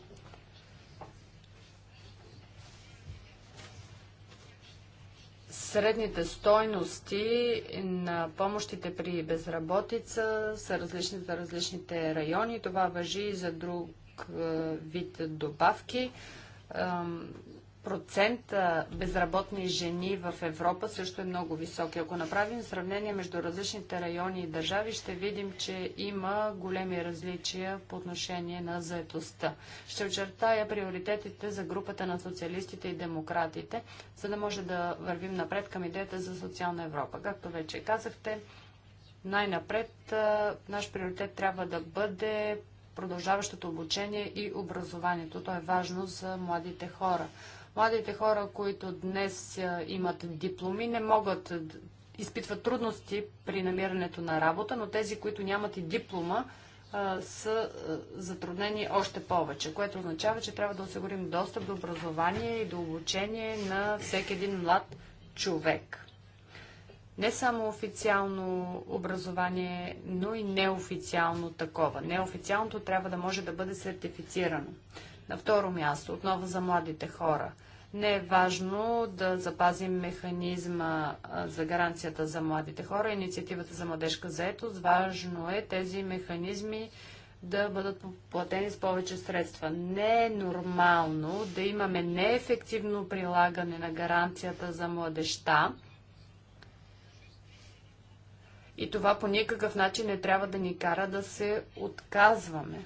средните стойности на помощите при безработица са различни за различните райони. Това въжи и за друг вид добавки процента безработни жени в Европа също е много висок. И ако направим сравнение между различните райони и държави, ще видим, че има големи различия по отношение на заетостта. Ще очертая приоритетите за групата на социалистите и демократите, за да може да вървим напред към идеята за социална Европа. Както вече казахте, най-напред наш приоритет трябва да бъде продължаващото обучение и образованието. То е важно за младите хора. Младите хора, които днес имат дипломи, не могат, изпитват трудности при намирането на работа, но тези, които нямат и диплома, са затруднени още повече, което означава, че трябва да осигурим достъп до образование и до обучение на всеки един млад човек. Не само официално образование, но и неофициално такова. Неофициалното трябва да може да бъде сертифицирано. На второ място, отново за младите хора. Не е важно да запазим механизма за гаранцията за младите хора, инициативата за младежка заетост. Важно е тези механизми да бъдат платени с повече средства. Не е нормално да имаме неефективно прилагане на гаранцията за младеща. И това по никакъв начин не трябва да ни кара да се отказваме.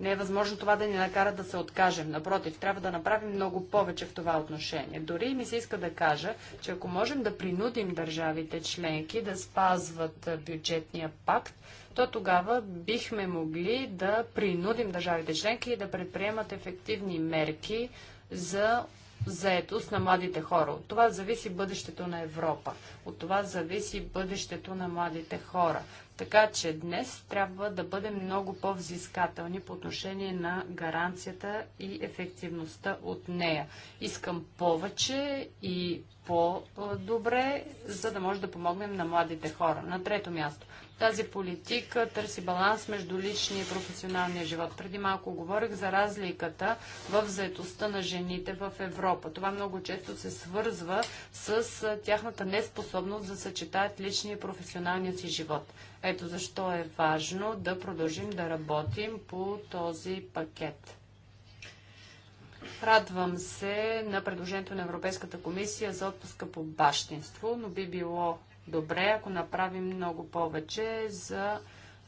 Не е възможно това да ни накара да се откажем. Напротив, трябва да направим много повече в това отношение. Дори ми се иска да кажа, че ако можем да принудим държавите членки да спазват бюджетния пакт, то тогава бихме могли да принудим държавите членки да предприемат ефективни мерки за заетост на младите хора. От това зависи бъдещето на Европа. От това зависи бъдещето на младите хора. Така че днес трябва да бъдем много по-взискателни по отношение на гаранцията и ефективността от нея. Искам повече и по-добре, за да може да помогнем на младите хора. На трето място, тази политика търси баланс между личния и професионалния живот. Преди малко говорих за разликата в заетостта на жените в Европа. Това много често се свързва с тяхната неспособност да съчетаят личния и професионалния си живот. Ето защо е важно да продължим да работим по този пакет. Радвам се на предложението на Европейската комисия за отпуска по бащинство, но би било добре, ако направим много повече за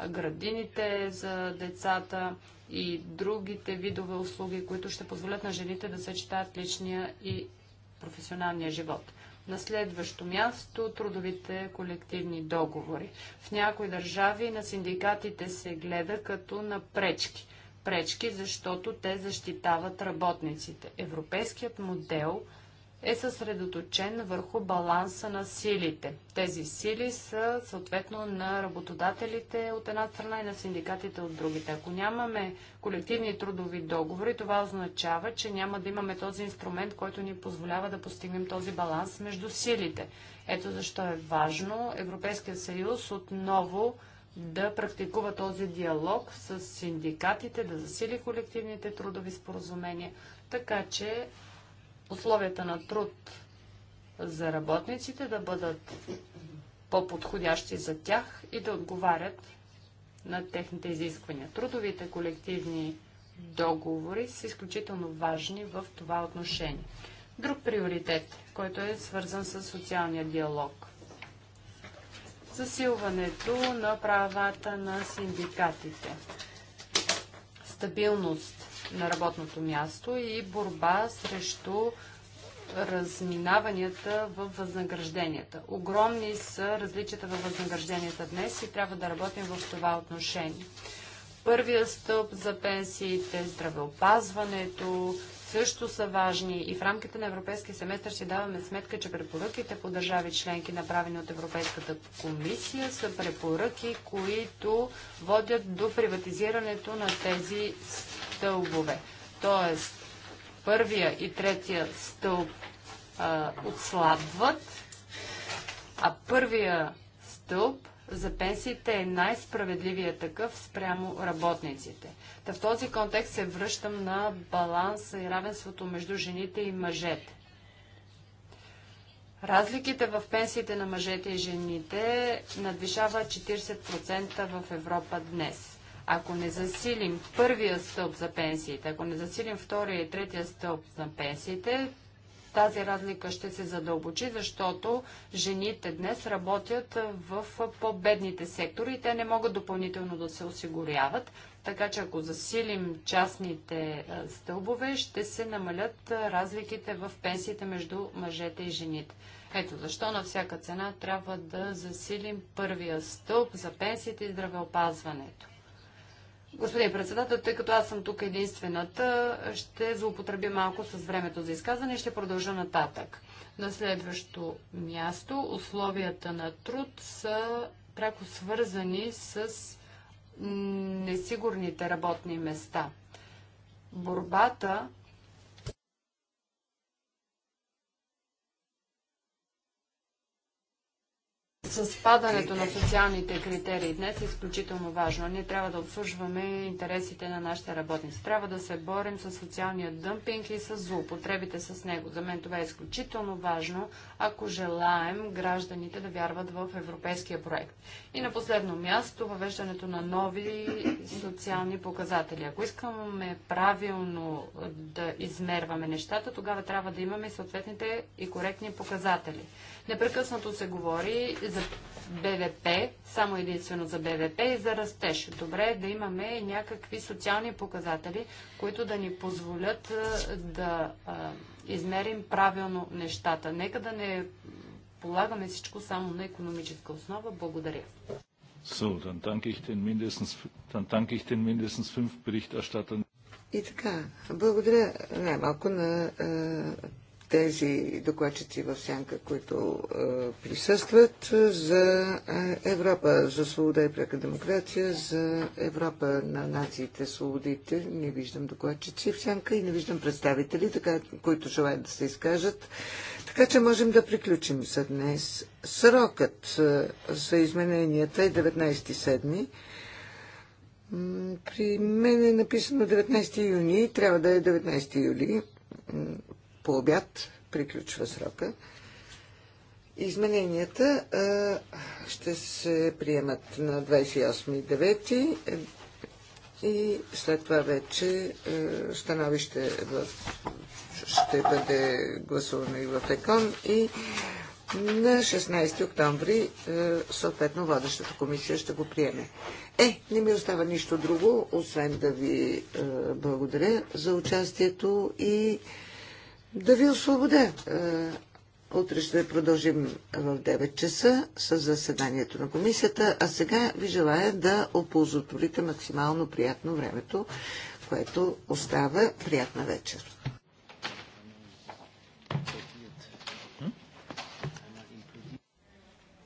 градините за децата и другите видове услуги, които ще позволят на жените да съчетаят личния и професионалния живот. На следващо място трудовите колективни договори. В някои държави на синдикатите се гледа като на пречки. Пречки, защото те защитават работниците. Европейският модел – е съсредоточен върху баланса на силите. Тези сили са съответно на работодателите от една страна и на синдикатите от другите. Ако нямаме колективни трудови договори, това означава, че няма да имаме този инструмент, който ни позволява да постигнем този баланс между силите. Ето защо е важно Европейския съюз отново да практикува този диалог с синдикатите, да засили колективните трудови споразумения, така че условията на труд за работниците да бъдат по-подходящи за тях и да отговарят на техните изисквания. Трудовите колективни договори са изключително важни в това отношение. Друг приоритет, който е свързан с социалния диалог. Засилването на правата на синдикатите. Стабилност на работното място и борба срещу разминаванията в възнагражденията. Огромни са различията във възнагражденията днес и трябва да работим в това отношение. Първия стълб за пенсиите, здравеопазването също са важни и в рамките на Европейския семестър си даваме сметка, че препоръките по държави членки, направени от Европейската комисия, са препоръки, които водят до приватизирането на тези стълбове. Тоест, първия и третия стълб а, отслабват, а първия стълб за пенсиите е най-справедливия такъв спрямо работниците. Та в този контекст се връщам на баланса и равенството между жените и мъжете. Разликите в пенсиите на мъжете и жените надвишава 40% в Европа днес. Ако не засилим първия стълб за пенсиите, ако не засилим втория и третия стълб за пенсиите, тази разлика ще се задълбочи, защото жените днес работят в по-бедните сектори и те не могат допълнително да се осигуряват. Така че ако засилим частните стълбове, ще се намалят разликите в пенсиите между мъжете и жените. Ето защо на всяка цена трябва да засилим първия стълб за пенсиите и здравеопазването. Господин председател, тъй като аз съм тук единствената, ще злоупотребя малко с времето за изказване и ще продължа нататък. На следващо място, условията на труд са пряко свързани с несигурните работни места. Борбата с спадането на социалните критерии днес е изключително важно. Ние трябва да обслужваме интересите на нашите работници. Трябва да се борим с социалния дъмпинг и с злоупотребите с него. За мен това е изключително важно, ако желаем гражданите да вярват в европейския проект. И на последно място, въвеждането на нови социални показатели. Ако искаме правилно да измерваме нещата, тогава трябва да имаме съответните и коректни показатели. Непрекъснато се говори за БВП, само единствено за БВП и за растеж. Добре е да имаме някакви социални показатели, които да ни позволят да измерим правилно нещата. Нека да не полагаме всичко само на економическа основа. Благодаря. So, dann danke ich den mindestens, dann danke ich den mindestens fünf Berichterstattern. И така, благодаря най-малко на тези докладчици в сянка, които е, присъстват за е, Европа, за свобода и пряка демокрация, за Европа на нациите, свободите. Не виждам докладчици в сянка и не виждам представители, така, които желаят да се изкажат. Така че можем да приключим за днес. Срокът е, за измененията е 19 седми. При мен е написано 19 юни, трябва да е 19 юли по обяд приключва срока. Измененията а, ще се приемат на 28.9 и след това вече а, становище в, ще бъде гласувано и в ЕКОН и на 16 октомври съответно водещата комисия ще го приеме. Е, не ми остава нищо друго, освен да ви благодаря за участието и да ви освободя. Е, утре ще продължим в 9 часа с заседанието на комисията, а сега ви желая да оползотворите максимално приятно времето, което остава приятна вечер.